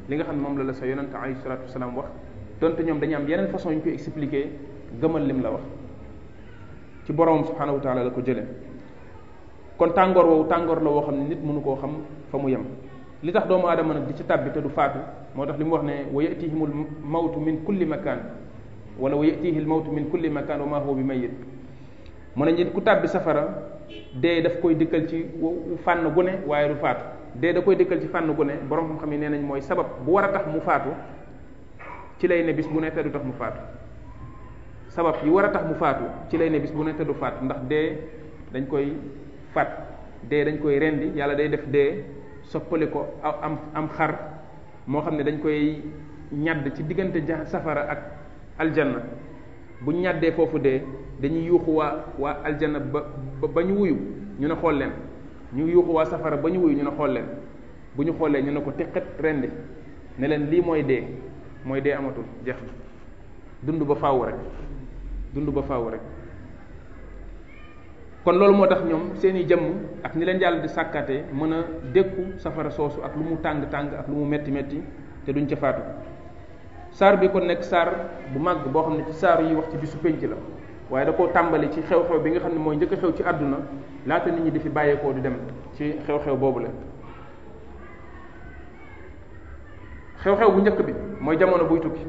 S1: li nga xam ne moom la la sa yonente alayhi salatu wasallam wax donte ñoom dañu am yeneen façon yu ñu ko expliquer gëmal lim la wax ci boroomam subhanahu wa taala la ko jëlee kon tàngoor woowu tàngoor la woo xam ne nit mënu koo xam fa mu yem li tax doomu aadama nag di ci tàbbi te du faatu moo tax li mu wax ne wa yatihimul mawtu min kulli makan wala wa yatihi mawtu min kulli makan wa ma huwa bi mayit mu ne nit ku tàbbi safara dee daf koy dikkal ci fànn waaye du faatu dee da koy dikkal ci fànn gu borom xam yi nee nañ mooy sabab bu war a tax mu faatu ci lay ne bis bu ne te du tax mu faatu sabab yi war a tax mu faatu ci lay ne bis bu ne te du faatu ndax dee dañ koy faat dee dañ koy rendi yàlla day def dee soppali ko am am xar moo xam ne dañ koy ñàdd ci diggante ja safara ak aljana bu ñàddee foofu dee dañuy yuuxu waa waa aljanna ba ba ñu wuyu ñu ne xool leen ñu yuuxu waa safara ba ñu wuyu ñu ne xool leen bu ñu xoolee ñu ne ko teqat rendi ne leen lii mooy dee mooy dee amatul jeex dund ba faaw rek dund ba faw rek kon loolu moo tax ñoom seeni jëmm ak ni leen yàlla di sàkkaatee mën a dékku safara soosu ak lu mu tàng-tàng ak lu mu metti metti te duñ ca faatu saar bi ko nekk saar bu màgg boo xam ne ci saar yi wax ci bisu pénc la waaye da koo tàmbali ci xew-xew bi nga xam ne mooy njëkk xew ci àdduna laata nit ñi di fi bàyyeekoo di dem ci xew-xew boobu la xew-xew bu njëkk bi mooy jamono buy tukki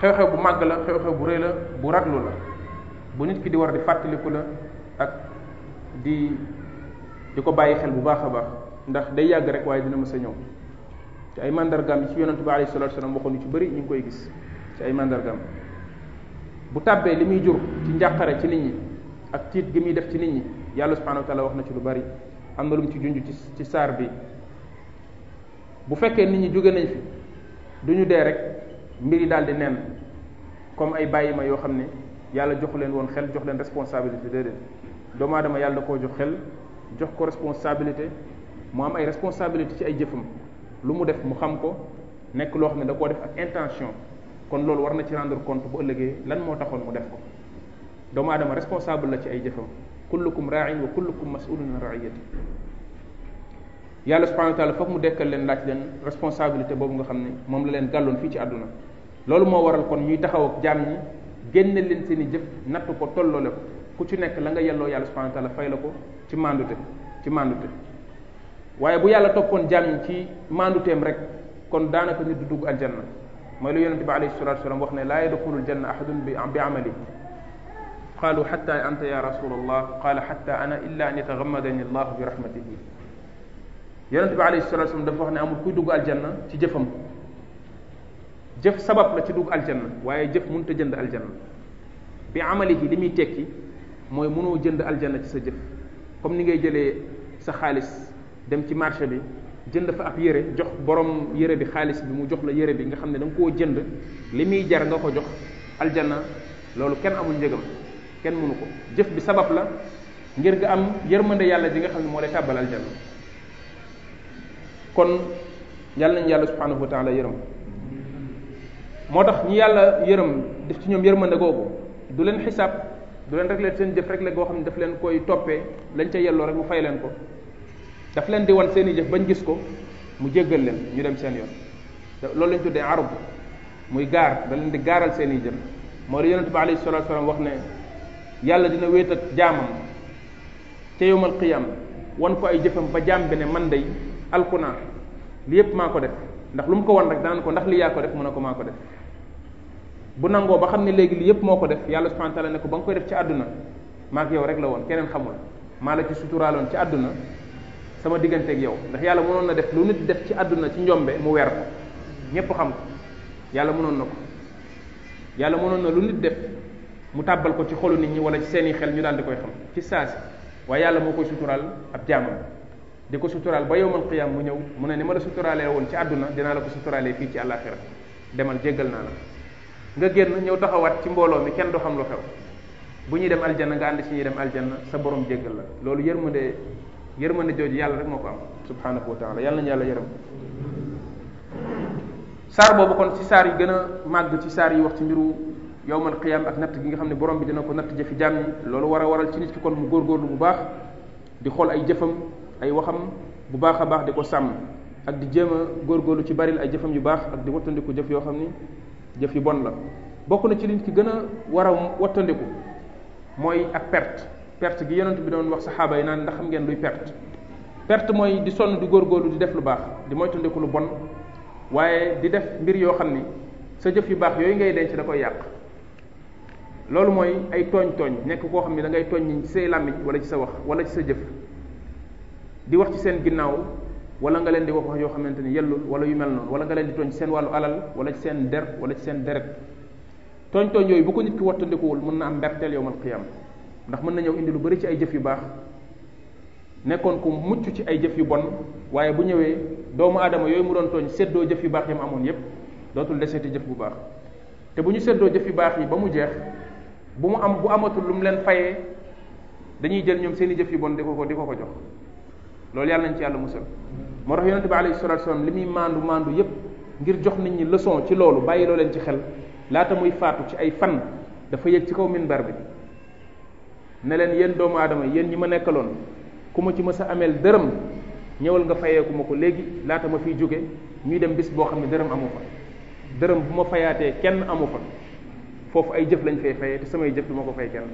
S1: xew-xew bu màgg la xew-xew bu rëy la bu raglu la bu nit ki di war di fàttaliku la ak di di ko bàyyi xel bu baax a baax ndax day yàgg rek waaye dina mës ñëw ci ay mandargaam yi ci yonent bi alayhi salatu wasallam bëri ñu ngi koy gis ci ay mandargaam bu tàbbee li muy jur ci njàqare ci nit ñi ak tiit gi muy def ci nit ñi yàlla subhanahu wa wax na ci lu bari am na lu mu ci junj ci ci saar bi bu fekkee nit ñi jóge nañ fi du dee rek mbir yi daal di nen comme ay bàyyima yoo xam ne yàlla joxu leen woon xel jox leen responsabilité déedéet doomu aadama yàlla da koo jox xel jox ko responsabilité mu am ay responsabilité ci ay jëfam lu mu def mu xam ko nekk loo xam ne da koo def ak intention kon loolu war na ci rendre compte bu ëllëgee lan moo taxoon mu def ko doomu aadama responsable la ci ay jëfam kullukum ra'in wa kullukum mas'ulun an ra'iyati yàlla subhanahu wa taala mu dekkal leen laaj leen responsabilité boobu nga xam ne moom leen gàlloon fii ci àdduna génne leen seen i jëf natt ko tolloole ko ku ci nekk la nga yelloo yàlla subhanahu wa fay la ko ci mandute ci mandute waaye bu yàlla toppoon jaam ci manduteem rek kon daanaka nit du dugg aljanna mooy la yonente bi alayhi salatu wasalam wax ne laa yadxulul janna ahadun bi amali qaalu xata anta ya rasulallah qaala xata ana illa an yataxammadani allah bi rahmatihi yonente bi alayhi salatu wasalam dafa wax ne amul kuy dugg aljanna ci jëfam jëf sabab la ci dugg aljanna waaye jëf mënut a jënd aljanna bi yi li muy tekki mooy mënoo jënd aljanna ci sa jëf comme ni ngay jëlee sa xaalis dem ci marché bi jënd fa ab yére jox borom yére bi xaalis bi mu jox la yére bi nga xam ne da koo jënd li muy jar nga ko jox aljana loolu kenn amul njëgam kenn mënu ko jëf bi sabab la ngir nga am yërmande yàlla ji nga xam ne moo lay tàbbal aljanna kon yàlla nañu yàlla subhanahu wa taala yërëm moo tax ñi yàlla yërëm def ci ñoom yërmande googu du leen xisaab du leen leen seen jëf régler goo xam ne dafa leen koy toppee lañ ca yelloo rek mu fay leen ko daf leen di wan seeni i jëf bañ gis ko mu jéggal leen ñu dem seen yoon loolu lañ tuddee arab muy gaar da leen di gaaral seen i jëf moo la yonente bi alayhi salaam wax ne yàlla dina wéet ak jaamam ca yowmal qiyam wan ko ay jëfam ba jaam bi ne man day alkunaa li yépp maa ko def ndax lu mu ko wan rek daan ko ndax li yaa ko def mu ne ko maa ko def bu nangoo ba xam ne léegi lii yépp moo ko def yàlla subhanahu wa ne ko ba nga koy def ci àdduna maak yow rek la woon keneen xamul maa la ci suturaaloon ci àdduna sama digganteeg yow ndax yàlla mënoon na def lu nit def ci àdduna ci njombe mu weer ko ñépp xam yàlla mënoon na ko yàlla mënoon na lu def mu tàbbal ko ci xolu nit ñi wala ci seeni xel ñu daal di koy xam ci saasi waaye yàlla moo koy suturaal ab jaamam di ko suturaal ba yowmal qiyam mu ñëw mu ne ni ma la suturaalee woon ci àdduna dinaa la ko suturaalee fii ci àllaaxira demal jéggal naa la nga génn ñëw taxawaat ci mbooloo mi kenn doo xam lu xew bu ñuy dem aljanna nga ànd ci ñuy dem aljanna sa borom jéggal la loolu yërmande yërmande jooju yàlla rek moo ko am subhanahu wa taala yàlla nañu yàlla yërëm saar boobu kon ci saar yi gën a màgg ci saar yi wax ci mbiru yowmal qiyam ak natt gi nga xam ne borom bi dina ko natt jëfi jaam ñi loolu war a waral ci nit ki kon mu góorgóorlu bu baax di xool ay jëfam ay waxam bu baax a baax di ko sàmm ak di jéem a góorgóorlu ci baril ay jëfam yu baax ak di wattandiku jëf yoo xam ni jëf yu bon la bokk na ci liñ ci gën a war a wattandiku mooy ak perte perte gi yonent bi doon wax saxaaba yi naan ndax xam ngeen luy perte perte mooy di sonn di góorgóorlu di def lu baax di moytandiku lu bon waaye di def mbir yoo xam ni sa jëf yu baax yooyu ngay denc da koy yàq loolu mooy ay tooñ tooñ nekk koo xam ne da ngay tooñ ci say làmmiñ wala ci sa wax wala ci sa jëf di wax ci seen ginnaaw wala nga leen di wax wax yoo xamante ni yellul wala yu mel noonu wala nga leen di tooñ ci seen wàllu alal wala ci seen der wala ci seen deret tooñ tooñ yooyu bu ko nit ki wattandikuwul mën na am mberteel yowmal qiyaam ndax mën na ñëw indi lu bari ci ay jëf yu baax nekkoon ku mucc ci ay jëf yu bon waaye bu ñëwee doomu aadama yooyu mu doon tooñ seddoo jëf yu baax yi mu amoon yépp dootul deseeti jëf bu baax te bu ñu seddoo jëf yu baax yi ba mu jeex bu mu am bu amatul lu mu leen fayee dañuy jël ñoom seen i jëf yu bon di ko di ko ko jox loolu yàlla nañ ci yàlla musal moo tax yonente bi alayhi salatu wasallam li muy maandu maandu yépp ngir jox nit ñi leçon ci loolu bàyyi loo leen ci xel laata muy faatu ci ay fan dafa yëg ci kaw minbar bi ne leen yéen doomu aadama yéen ñi ma nekkaloon ku ma ci mës a ameel dërëm ñëwal nga fayeeku ma ko léegi laata ma fiy jóge ñuy dem bis boo xam ne dërëm amu fa dërëm bu ma fayaatee kenn amu fa foofu ay jëf lañ fay fayee te samay jëf du ma ko fay kenn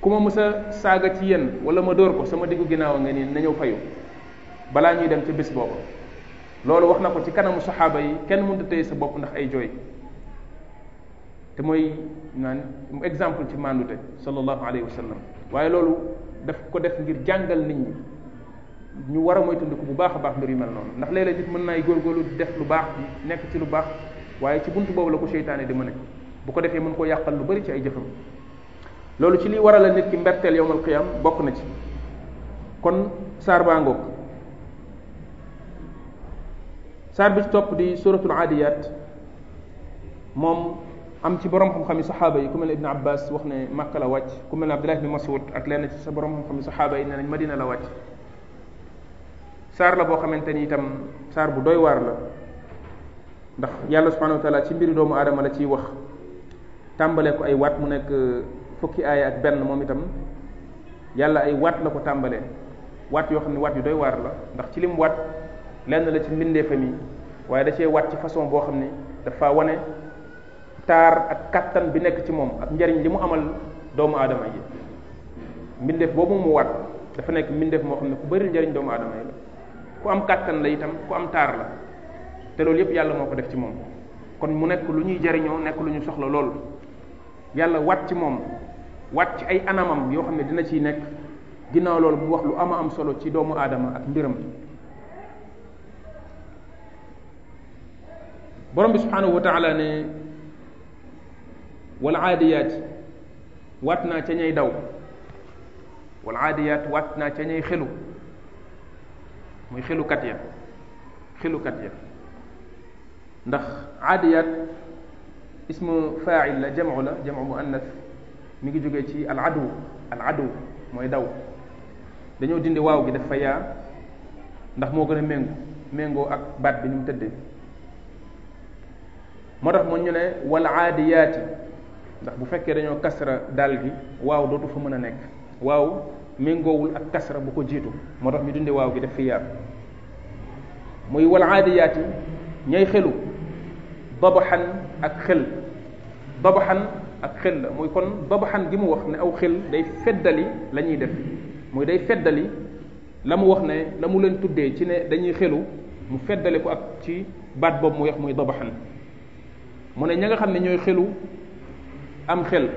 S1: ku ma mës a saaga ci yéen wala ma dóor sama diggu ginnaaw nga nii balaa ñuy dem ca bés boobu loolu wax na ko ci kanamu saxaaba yi kenn mënut a téye sa bopp ndax ay jooy te mooy naan exemple ci mandute sallallahu alayhi wa sallam waaye loolu daf ko def ngir jàngal nit ñi ñu war a moytandiku bu baax a baax mbir yu mel noonu ndax léeg nit mën naay góorgóorlu di def lu baax nekk ci lu baax waaye ci bunt boobu la ko seytaane di ma a bu ko defee mën koo yàqal lu bari ci ay jëfam loolu ci liy waral a nit ki mberteel yowmal qiyam bokk na ci kon saar baa ngoog saar bi ci topp di suratul aadiyat moom am ci borom xam-xam yi saxaaba yi ku mel ne Ibn Abbas wax ne Makka la wàcc ku mel ne Abdullah ibn Mas'ud ak lenn ci sa borom xam-xam yi saxaaba yi ne nañ Madina la wàcc saar la boo xamante ni itam saar bu dooy waar la ndax yàlla subhanahu wa ci mbiri doomu aadama la ciy wax tàmbalee ko ay waat mu nekk fukki aaya ak benn moom itam yàlla ay waat la ko tàmbalee waat yoo xam ne waat yu doy waar la ndax ci lim waat. lenn la ci mbindeefam yi waaye da wat ci façon boo xam ne dafa wane taar ak kàttan bi nekk ci moom ak njariñ li mu amal doomu aadama yi mbindeef boobu mu wat dafa nekk mbindeef moo xam ne ku bari njariñ doomu aadama yi la ku am kattan la itam ku am taar la te loolu yépp yàlla moo ko def ci moom kon mu nekk lu ñuy jariñoo nekk lu ñu soxla lool yàlla wat ci moom wat ci ay anamam yoo xam ne dina ciy nekk ginnaaw loolu mu wax lu ama am solo ci doomu aadama ak mbiram borom bi subhanahu wa taala ne wal aadiyaat waat naa ca ñay daw wal aadiyaat waat naa ca ñay xelu mooy xelukat ya xelukat ya ndax aadiyaat ismu faail la jamcu la jamcu muannas mi ngi jóge ci al adu al adu mooy daw dañoo dindi waaw gi def fa yaa ndax moo gën a méngu méngoo ak baat bi ñu mu tëddee moo tax mu ñu ne wal aadiyaati ndax bu fekkee dañoo kasra dal gi waaw dootu fa mën a nekk waaw méngoowul ak kasra bu ko jiitu moo tax ñu dindi waaw gi def fi yaar muy wal aadiyaati ñay xelu babaxan ak xel babaxan ak xel la muy kon babaxan gi mu wax ne aw xel day feddali la ñuy def muy day feddali la mu wax ne la mu leen tuddee ci ne dañuy xelu mu feddali ko ak ci baat boobu mu wax muy babaxan mu ne ña nga xam ne ñooy xelu am xel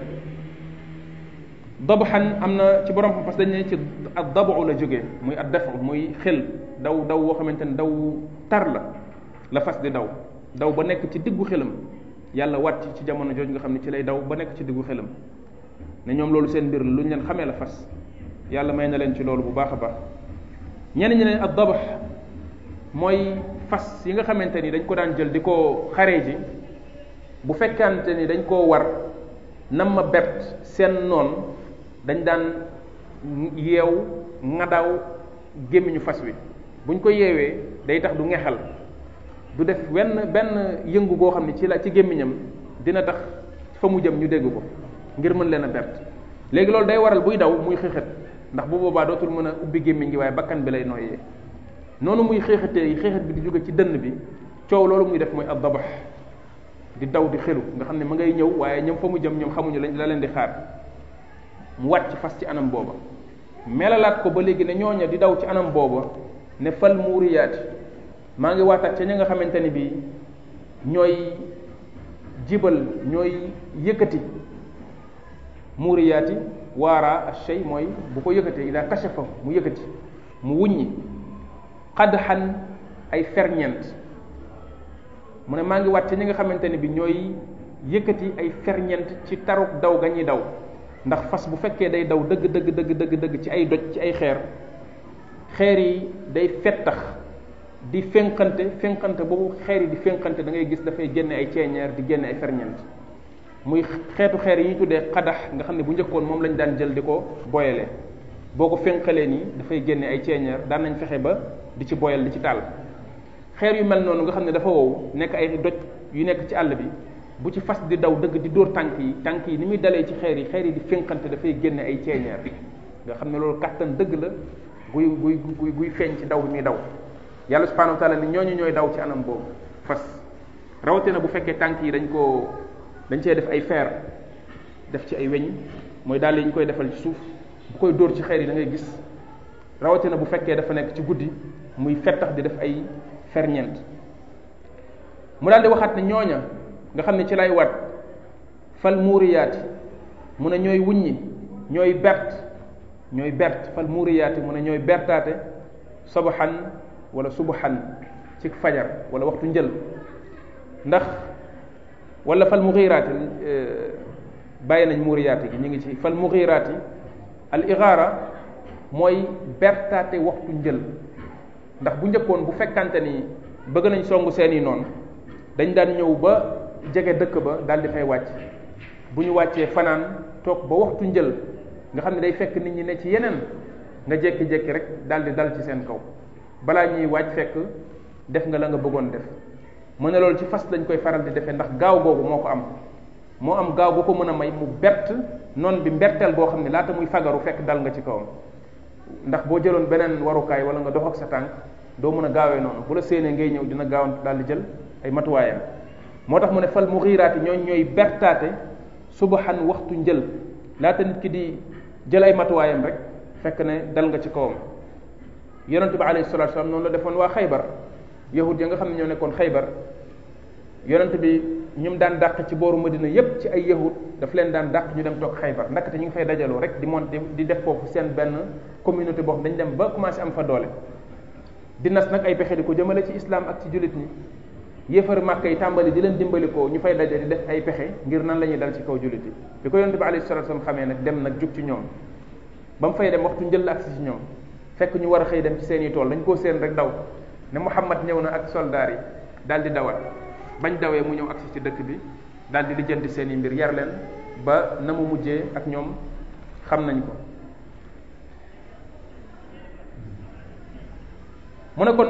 S1: dabxan am na ci borom xam parce que dañ ne ci ak dabu la jóge muy ak def muy xel daw daw woo xamante ni daw tar la la fas di daw daw ba nekk ci diggu xelam yàlla wàcc ci jamono jooju nga xam ne ci lay daw ba nekk ci diggu xelam ne ñoom loolu seen mbir lu ñu leen xamee la fas yàlla may na leen ci loolu bu baax a baax ñenn ñi ak dabax mooy fas yi nga xamante ni dañ ko daan jël di ko xaree ji bu fekkante ni dañ koo war nam ma seen noon dañ daan yeew ŋadaw gémmiñu fas wi buñ ko yeewee day tax du ngexal du def wenn benn yëngu goo xam ne ci la ci gémmiñam dina tax fa mu jëm ñu dégg ko ngir mën leen a bett léegi loolu day waral buy daw muy xiixat ndax bu boobaa dootul mën a ubbi gémmiñ gi waaye bakkan bi lay nooyee noonu muy xiixatee xiixat bi di jóge ci dënn bi coow loolu muy def mooy ab dabax di daw di xelu nga xam ne ma ngay ñëw waaye ñoom fa mu jëm ñoom xamuñu lañu la leen di xaar mu wàcc fas ci anam booba melalaat ko ba léegi ne ñooña di daw ci anam booba ne fal muuriyaati maa ngi waat ak ca ña nga xamante ni bii ñooy jibal ñooy yëkkati muuriyaati waara shay mooy bu ko yëkkatee ida kashafa mu yëkkati mu wuññi xadxan ay ferñeent mu ne maa ngi waat ci ñi nga xamante ne bi ñooy yëkkati ay ferñent ci taruk daw ga ñuy daw ndax fas bu fekkee day daw dëgg dëgg dëgg dëgg dëgg ci ay doj ci ay xeer xeer yi day fettax di fénqante fénqante boobu xeer yi di fénqante da ngay gis dafay génne ay ceeñeer di génne ay ferñent muy xeetu xeer yi ñu tuddee xadax nga xam ne bu njëkkoon moom lañ daan jël di ko boyale boo ko fénqalee nii dafay génne ay ceeñeer daanañ fexe ba di ci boyal di ci taal xeer yu mel noonu nga xam ne dafa wow nekk ay doj yu nekk ci àll bi bu ci fas di daw dëgg di dóor tànk yi tànk yi ni muy dalee ci xeer yi xeer yi di fénqante dafay génne ay ceeñeer nga xam ne loolu kàttan dëgg la guy guy guy feeñ ci daw bi muy daw yàlla subhanahu wa taala ni ñooy daw ci anam boobu fas rawatina bu fekkee tànk yi dañ koo dañ cee def ay fer def ci ay weñ mooy daal yi ñu koy defal ci suuf bu koy dóor ci xeer yi dangay ngay gis rawatina bu fekkee dafa nekk ci guddi muy fettax di def ay ferñeent mu daal di waxaat ne ñooña nga xam ne ci lay wat fal muuriyaati mu ne ñooy wuññi ñooy bert ñooy bert fal muuriyaati mu ne ñooy bertaate sabaxan wala subaxan ci fajar wala waxtu njël ndax wala fal muxiiraati euh, bàyyi nañ muuriyaati gi ñu ngi ci fal muxiiraati al ixaara mooy bertaate waxtu njël ndax bu njëkkoon bu fekkante ni bëgg nañ song seen i noonu dañ daan ñëw ba jege dëkk ba daal di fay wàcc bu ñu wàccee fanaan toog ba waxtu njël nga xam ne day fekk nit ñi ne ci yeneen nga jékki-jékki rek daal di dal ci seen kaw balaa ñuy wàcc fekk def nga la nga bëggoon def mu ne loolu ci fas lañ koy faral di defee ndax gaaw googu moo ko am moo am gaaw gu ko mën a may mu bert noon bi mberteel boo xam ne laata muy fagaru fekk dal nga ci kawam ndax boo jëloon beneen warukaay wala nga dox ak sa tànk doo mën a gaawee noonu bu la séenee ngay ñëw dina gaawant daal di jël ay matuwaayam moo tax mu ne fal mughiraati ñooñ ñooy bertaate subaxan waxtu njël laata nit ki di jël ay matuwaayam rek fekk ne dal nga ci kawam yonente bi alayhi salatu wasalam noonu la defoon waa xaybar yahud ya nga xam ne ñoo nekkoon xaybar yonente bi ñum daan dàq ci booru dina yépp ci ay yahud daf leen daan dàq ñu dem toog xaybar ndaxte ñu ngi fay dajaloo rek di monte di def foofu seen benn communauté boo xam dañ dem ba commencé am fa doole di nas nag ay pexe di ko jëmale ci islaam ak ci jullit ñi yéefar màkk yi tàmbali di leen dimbali ko ñu fay daje di def ay pexe ngir nan la ñuy dal ci kaw jullit yi bi ko yonent bi alayhi salatu wasallam xamee nag dem nag jug ci ñoom ba mu fay dem waxtu njël ak si ñoom fekk ñu war a xëy dem ci seeni tool dañ koo seen rek daw ne Muhammad ñëw na ak soldaar yi daal di dawal bañ dawee mu ñëw agsi ci dëkk bi daal di lijjanti mbir yar leen ba na mu mujjee ak ñoom xam nañ ko mu ne kon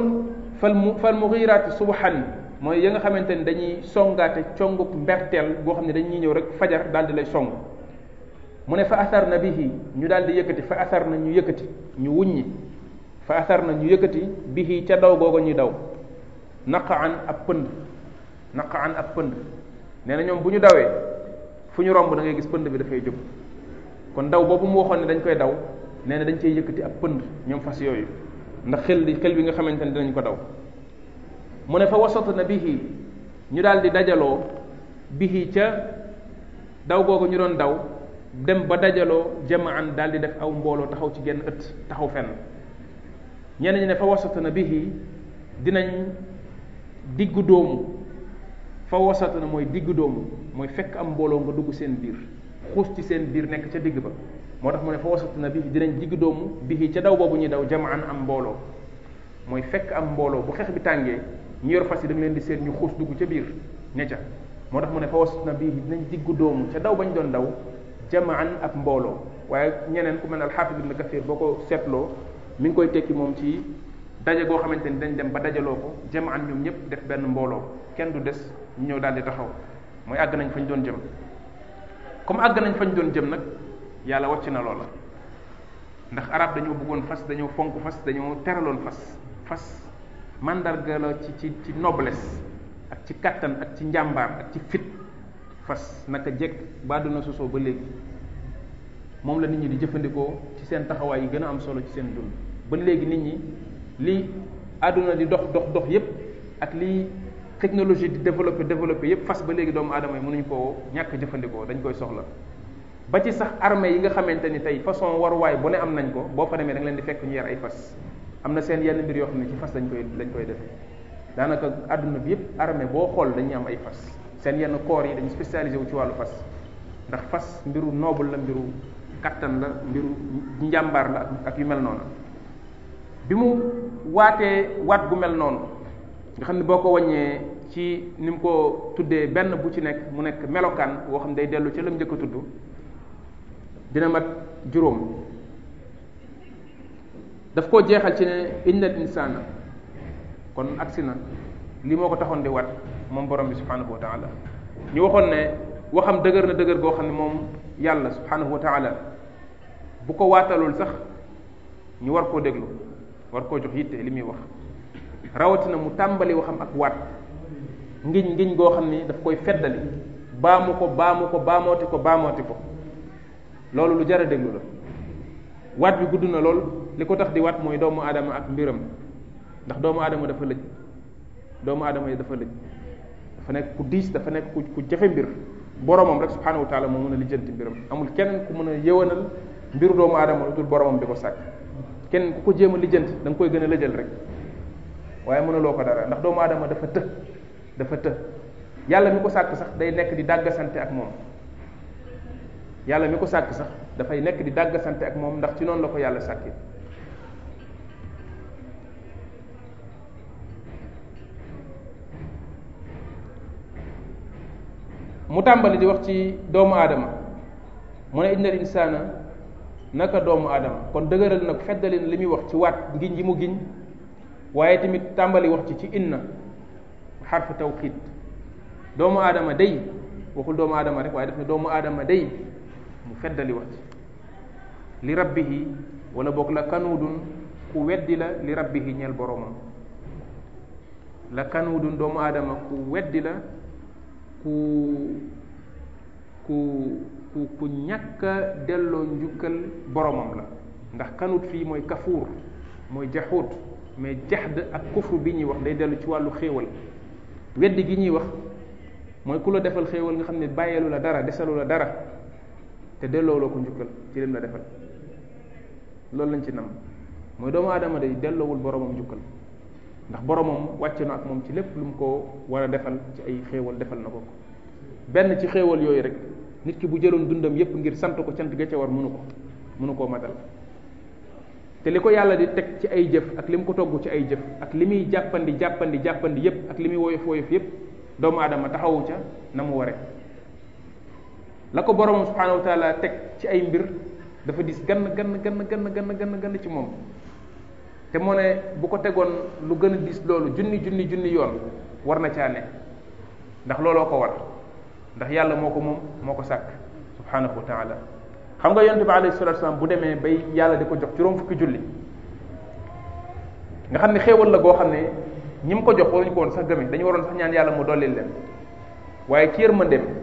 S1: fal mu fal suba subhan mooy ya nga xamante ni dañuy songaate congub mberteel boo xam ne dañuy ñëw rek fajar daal di lay song mu ne fa asar na bihi ñu daal di yëkkati fa asar na ñu yëkkati ñu wuññi fa asar na ñu yëkkati bihi ca daw googu ñuy daw naqaan ab pënd naqaan ab pënd nee na ñoom bu ñu dawee fu ñu romb da gis pënd bi dafay jóg kon daw boobu mu waxoon ne dañ koy daw nee na dañ cey yëkkati ab pënd ñoom fas yooyu ndax xel di xel bi nga xamante ne dinañ ko daw mu ne fa wasatu na bihi ñu daal di dajaloo bihi ca daw googu ñu doon daw dem ba dajaloo jamaan daal di def aw mbooloo taxaw ci genn ëtt taxaw fenn ñenn ñi ne fa wasatu na bihi dinañ diggu doomu fa wasatu na mooy diggu doomu mooy fekk am mbooloo nga dugg seen biir xuus ci seen biir nekk ca digg ba moo tax mu ne fa wasat na bii dinañ digg doomu bi ca daw boobu ñuy daw jamaan am mbooloo mooy fekk am mbooloo bu xeex bi tàngee ñu yor fas yi da leen di seet ñu xuus dugg ca biir ne ca moo tax mu ne fa wasat na bii dinañ diggu doomu ca daw bañ doon daw jamaan ab mbooloo waaye ñeneen ku mel ne alxaafis ka kathir boo ko seetloo mi ngi koy tekki moom ci daje goo xamante ni dañ dem ba dajaloo ko jamaan ñoom ñëpp def benn mbooloo kenn du des ñëw daal di taxaw mooy àgg nañ fañ doon jëm comme àgg nañ fañ doon jëm nag yàlla wàcc na loola ndax arab dañoo bëggoon fas dañoo fonk fas dañoo teraloon fas fas mandarga la ci ci ci noblesse ak ci kattan ak ci njàmbaar ak ci fit fas naka jekk baaduna sosoo ba léegi moom la nit ñi di jëfandikoo ci seen taxawaay yi gën a am solo ci seen dund ba léegi nit ñi li àdduna di dox dox dox yépp ak li technologie di développé développé yépp fas ba léegi doomu aadama yi mënuñu koo ñàkk jëfandikoo dañ koy soxla ba ci sax armée yi nga xamante ni tey façon waruwaay bu ne am nañ ko boo fa demee da nga leen di fekk ñu yar ay fas am na seen yenn mbir yoo xam ne ci fas lañ koy lañ koy defee daanaka àdduna bi yëpp armée boo xool dañuy am ay fas seen yenn koor yi dañu spécialisé wu ci wàllu fas ndax fas mbiru noble la mbiru kattan la mbiru njàmbaar la ak yu mel noonu bi mu waatee waat gu mel noonu nga xam ne boo ko wàññee ci ni mu ko tuddee benn bu ci nekk mu nekk melokaan woo xam ne day dellu ca lam njëkk a tudd dina mat juróom daf koo jeexal ci ne inna al insana kon agsi na li moo ko taxoon di wat moom borom bi subhanahu wa taala ñu waxoon ne waxam dëgër na dëgër goo xam ne moom yàlla subhanahu wa taala bu ko waatalul sax ñu war koo déglu war koo jox yitte li muy wax rawatina mu tàmbali waxam ak waat ngiñ ngiñ goo xam ni daf koy feddali baamu ko baamu ko baamooti ko baamooti ko loolu lu jara a déglu la waat bi gudd na lool li ko tax di wat mooy doomu aadama ak mbiram ndax doomu aadama dafa lëj doomu aadama yi dafa lëj dafa nekk ku diis dafa nekk ku ku jafe mbir boromam rek subhanahu wa taala moo mën a lijjanti mbiram amul kenn ku mën a yëwanal mbiru doomu aadama lu dul boromam bi ko sàkk kenn ku ko jéem a lijjanti da koy gën a lëjal rek waaye mënuloo ko dara ndax doomu aadama dafa të dafa të yàlla mi ko sàkk sax day nekk di dàggasante ak moom yàlla mi ko sàkk sax dafay nekk di dàggasante ak moom ndax ci noonu la ko yàlla sàkkee mu tàmbali di wax ci doomu aadama mu a innal insaana naka doomu aadama kon dëgëral nag feddali na li muy wax ci waat ngiñ yi mu giñ waaye tamit tàmbali wax ci ci inna xarfu tawxiit doomu aadama day waxul doomu aadama rek waaye daf ne doomu aadama day feddaliwaat li rabbihi wala boog la kanuudun ku weddi la li rabbihi ñeel boromam la kanuudun doomu aadama ku weddi la ku ku ku ñàkk delloo njukkal boromam la ndax kanuut fii mooy kafuur mooy jaxuut mais jaxd ak kufru bi ñuy wax day dellu ci wàllu xéewal weddi gi ñuy wax mooy ku la defal xéewal nga xam ne bàyyeelu la dara desalu la dara te delloowuloo ko njukkal ci lim la defal loolu lañ ci nam mooy doomu aadama day delloowul boromam njukkal ndax boromam wàcc na ak moom ci lépp lu mu ko war a defal ci ay xéewal defal na ko benn ci xéewal yooyu rek nit ki bu jëloon dundam yépp ngir sant ko cant ga ca war mënu ko mënu koo matal te li ko yàlla di teg ci ay jëf ak li mu ko togg ci ay jëf ak li muy jàppandi jàppandi jàppandi yépp ak li muy woyof woyof yépp doomu adama taxawu ca na mu la ko boroomam subhanahu wa teg ci ay mbir dafa dis gann gann gann gann gann gann gann ci moom te moo ne bu ko tegoon lu gën a dis loolu junni junni junni yoon war na caa ne ndax looloo ko war ndax yàlla moo ko moom moo ko sàkk subhanahu wa xam nga yonte bi alayhi salatu wasalam bu demee bay yàlla di ko jox ci room fukki julli nga xam ne xéewal la goo xam ne ñi mu ko jox waruñu ko woon sax gëme dañu waroon sax ñaan yàlla mu dollil leen waaye ci yërmandeem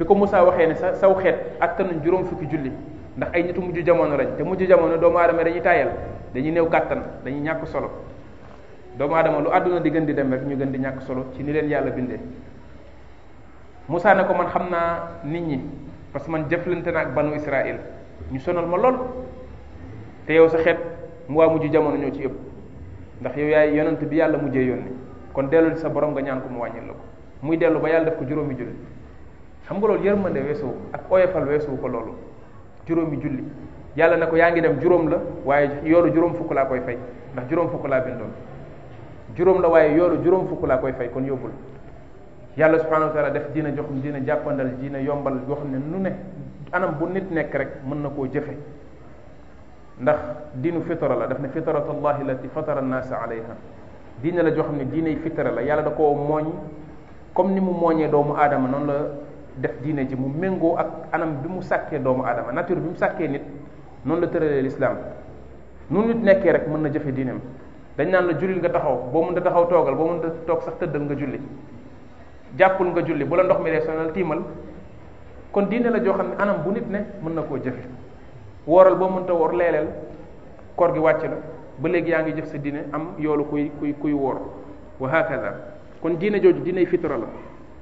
S1: bi ko Moussa waxee ne sa saw xeet attanuñ juróom fukki julli ndax ay nitu mujju jamono rek te mujj jamono doomu aadama dañuy tayal dañuy new kàttan dañuy ñàkk solo doomu aadama lu àdduna di gën di dem rek ñu gën di ñàkk solo ci ni leen yàlla bindee musaa ne ko man xam naa nit ñi parce que man jëflante na ak banu Israël ñu sonal ma lool te yow sa xeet mu waa mujj jamono ñoo ci ëpp ndax yow yaay yonent bi yàlla mujjee yónni kon dellu sa borom nga ñaan mu wàññil la ko muy dellu ba yàlla def ko juróomi julli xam nga loolu yërmande weesuwu ak oyofal weesuwu ko loolu juróomi julli yàlla na ko yaa ngi dem juróom la waaye yoolu juróom fukk laa koy fay ndax juróom fukk laa bindoon juróom la waaye yoolu juróom fukk laa koy fay kon yóbbul yàlla subhanahu wa taala def dina jox dina jàppandal dina yombal yoo xam ne nu ne anam bu nit nekk rek mën na koo jëfe ndax diinu fitara la daf ne fitaratullahi lati fatara annaasa alayha diina la joo xam ne diinay fitara la yàlla da koo mooñ comme ni mu mooñee doomu aadama noonu la def diine ji mu méngoo ak anam bi mu sàkkee doomu aadama nature bi mu sàkkee nit noonu la tëralee lislaam noonu nit nekkee rek mën na jëfe diineem dañ naan la jullil nga taxaw boo mën taxaw toogal boo mën toog sax tëddal nga julli jàppul nga julli bu la ndox mi dee sonal tiimal kon diine la joo xam ne anam bu nit ne mën na koo jëfe wooral boo mënta woor leeleel koor gi wàcc na ba léegi yaa ngi jëf sa diine am yoolu kuy kuy kuy woor wa hakaza kon diine jooju diiney fitra la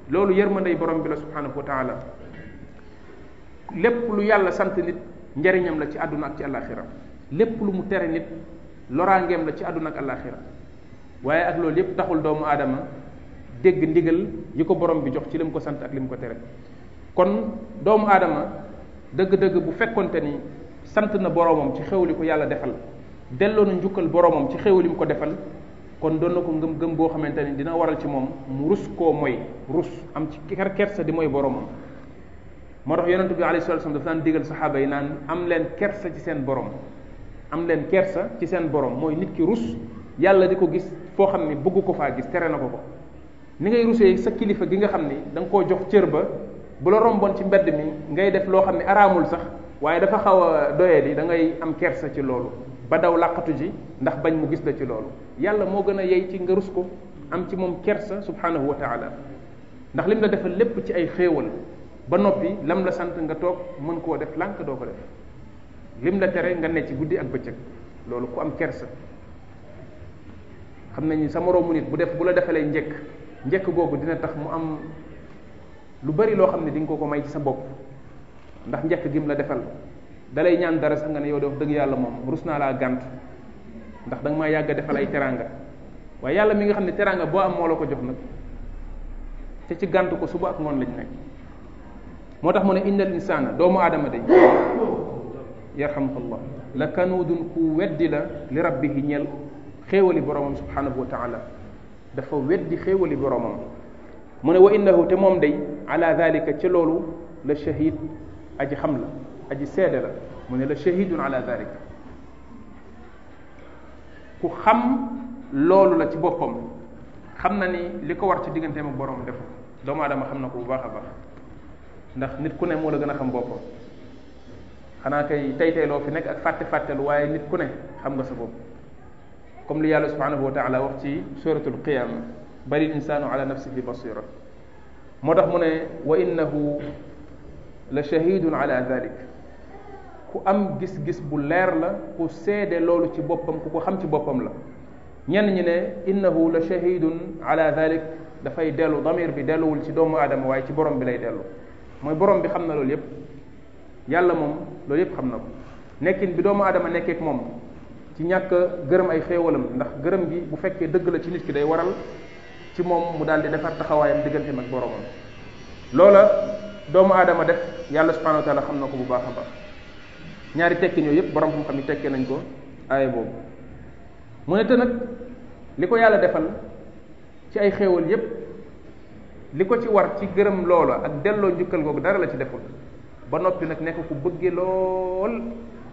S1: loolu yërmandey borom bi la subhanahu wa taala lépp lu yàlla sant nit njariñam la ci àdduna ak ci àllaaxira lépp lu mu tere nit loraangeem la ci àdduna ak àllaaxira waaye ak loolu yépp taxul doomu aadama dégg ndigal yi ko borom bi jox ci li mu ko sant ak li mu ko tere kon doomu aadama dëgg-dëgg bu fekkonte ni sant na boromam ci xéwli ko yàlla defal delloo na njukkal boromam ci xewu li mu ko defal kon doon na ko ngëm gëm boo xamante ni dina waral ci moom mu rus koo moy rus am ci ker kersa di mooy boromam moo tax yonente bi alayhi salatu wasallam dafa daan digal saxaaba yi naan am leen kersa ci seen borom am leen kersa ci seen borom mooy nit ki rus yàlla di ko gis foo xam ne bëgg ko faa gis tere na ko ko ni ngay rusee sa kilifa gi nga xam ni da koo jox cër ba bu la romboon ci mbedd mi ngay def loo xam ne araamul sax waaye dafa xaw a doyee di da ngay am kersa ci loolu ba daw làqatu ji ndax bañ mu gis la ci loolu yàlla moo gën a yey ci nga rus ko am ci moom kersa subhanahu wa taala ndax lim la defal lépp ci ay xéewal ba noppi lam la sant nga toog mën koo def lànk doo ko def lim la tere nga ne ci guddi ak bëccëg loolu ku am kersa xam nañu sa moroomu nit bu def bu la defalee njëkk njëkk googu dina tax mu am lu bari loo xam ne di ko ko may ci sa bopp ndax njëkk gi mu la defal dalay ñaan dara sax nga ne yow def dëgg yàlla moom rus naa laa gànt ndax danga may yàgg a defal ay teranga waaye yàlla mi nga xam ne teranga boo am moo la ko jox na te ci gànt ko suba ak ngoon lañ nekk moo tax mu ne innal insaana doomu aadama day yarhamukallah la kanuudun ku weddi la li rabbihi ñel xéewali boromam subhanahu wa taala dafa weddi xéewali boromam mu ne wa innahu te moom day ala dalika ci loolu la shahid aji xam la aji seede la mu ne la shahidun ala dalik ku xam loolu la ci boppam xam na ni li ko war ci digganteem mu borom def doomu aadama xam na ko bu baax a baax ndax nit ku ne moo la gën a xam boppam xanaa kay tey tey loo fi nekk ak fàtte fàttelu waaye nit ku ne xam nga sa bopp comme li yàlla subhanahu wa taala wax ci suratul qiyama bal il insanu ala nafsihi basira moo tax mu ne wa innahu la shahidun ala dalik ku am gis-gis bu leer la ku seede loolu ci boppam ku ko xam ci boppam la ñenn ñi ne innahu la shahidun ala dalik dafay dellu damir bi delluwul ci doomu aadama waaye ci borom bi lay dellu mooy borom bi xam na loolu yépp yàlla moom loolu yépp xam na ko nekkin bi doomu aadama nekkeek moom ci ñàkk gërëm ay xéewalam ndax gërëm gi bu fekkee dëgg la ci nit ki day waral ci moom mu daal di defar taxawaayam digganteem ak boromam loola doomu aadama def yàlla subhanahu wa taala xam na ko bu baax a ñaari tekki yooyu yëpp borom xam-xam yi tekkee nañ ko aaya boobu mu ne te li ko yàlla defal ci ay xéewal yépp li ko ci war ci gërëm loola ak delloo njukkal googu dara la ci deful ba noppi nag nekk ku bëggee lool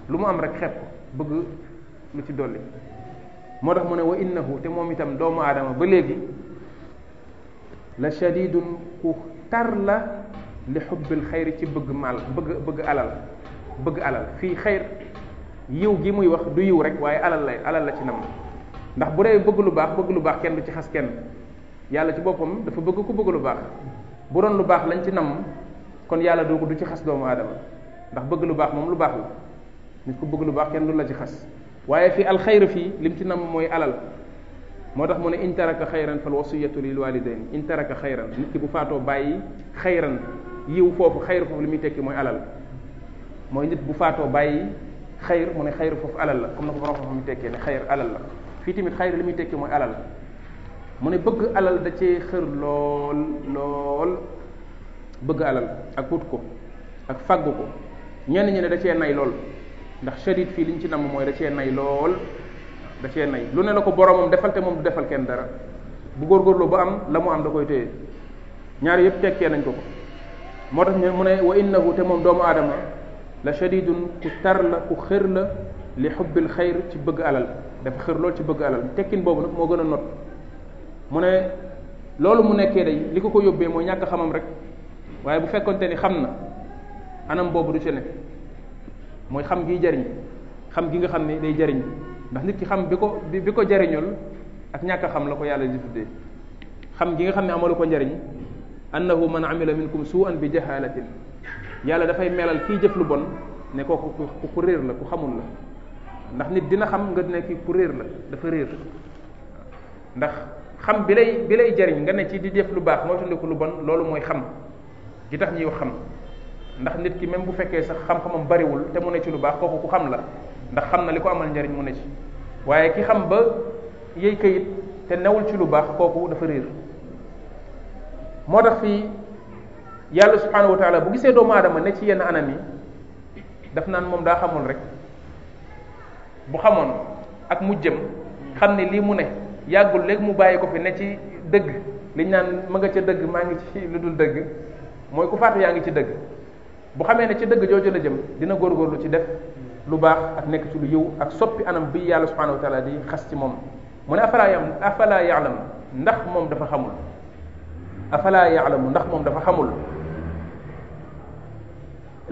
S1: lu mu am rek xeeb bëgg lu ci dolli moo tax mu ne wa innahu te moom itam doomu aadama ba léegi la shadidun ku tar la li xubbil xayri ci bëgg mal bëgg bëgg alal bëgg alal fii xayr yiw gi muy wax du yiw rek waaye alal lay alal la ci nam ndax bu dee bëgg lu baax bëgg lu baax kenn du ci xas kenn yàlla ci boppam dafa bëgg ku bëgg lu baax bu doon lu baax lañ ci nam kon yàlla doo ko du ci xas doomu aadama ndax bëgg lu baax moom lu baax la nit ku bëgg lu baax kenn du la ci xas waaye fii alxayr fii lim ci nam mooy alal moo tax mu ne in taraka xayran fal wasiyatu lil walidain in taraka xayran nit ki bu faatoo bàyyi xayran yiw foofu xayr foofu li muy tekki mooy alal mooy nit bu faatoo bàyyi xayr mu ne xayr foofu alal la comme na ko borom xam-xam tekkee ne xayr alal la fii tamit xayr li muy tekkee mooy alal mu ne bëgg alal da cee xër lool lool bëgg alal ak wut ko ak fàggu ko ñenn ñi ne da nay lool ndax shadid fii li ñu ci namm mooy da nay lool da cee lu ne la ko boromam defal te moom du defal kenn dara bu góorgóorloo ba am la mu am da koy téye ñaari yëpp tekkee nañ ko ko moo tax ñu mu ne wa innahu te moom doomu aadama la shadidun ku tar la ku xër la li xubbil xayr ci bëgg alal dafa xër lool ci bëgg alal tekkin boobu nag moo gën a not mu ne loolu mu nekkee day li ko ko yóbbee mooy ñàkk xamam rek waaye bu fekkoonte ni xam na anam boobu du ci ne mooy xam gi jariñ xam gi nga xam ne day jariñ ndax nit ki xam bi ko bi ko jariñul ak ñàkk xam la ko yàlla di tuddee xam gi nga xam ne amalu ko njariñ annahu man amila minkum su'an bi jahalatin yàlla dafay melal kiy jëf lu bon ne kooku ku ku réer la ku xamul la ndax nit dina xam nga ne kii ku réer la dafa réer ndax xam bi lay bi lay jariñ nga ne ci di def lu baax moytandiku lu bon loolu mooy xam gi tax ñuy wax xam ndax nit ki même bu fekkee sax xam-xamam bariwul te mu ne ci lu baax kooku ku xam la ndax xam na li ko amal njariñ mu ne ci waaye ki xam ba yëy kayit te newul ci lu baax kooku dafa réer moo tax fii yàlla subhanahu wa bu gisee doomu aadama ne ci yenn anam yi daf naan moom daa xamul rek bu xamoon ak mu jëm xam ne lii mu ne yàggul léegi mu bàyyi ko fi ne ci dëgg liñ naan ma nga ca dëgg maa ngi ci lu dul dëgg mooy ku faatu yaa ngi ci dëgg bu xamee ne ci dëgg jooju la jëm dina góorgóorlu ci def lu baax ak nekk ci lu yiw ak soppi anam bi yàlla subhanahu wa di xas ci moom mu ne afala yam afala yaalam ndax moom dafa xamul afala yaalamu ndax moom dafa xamul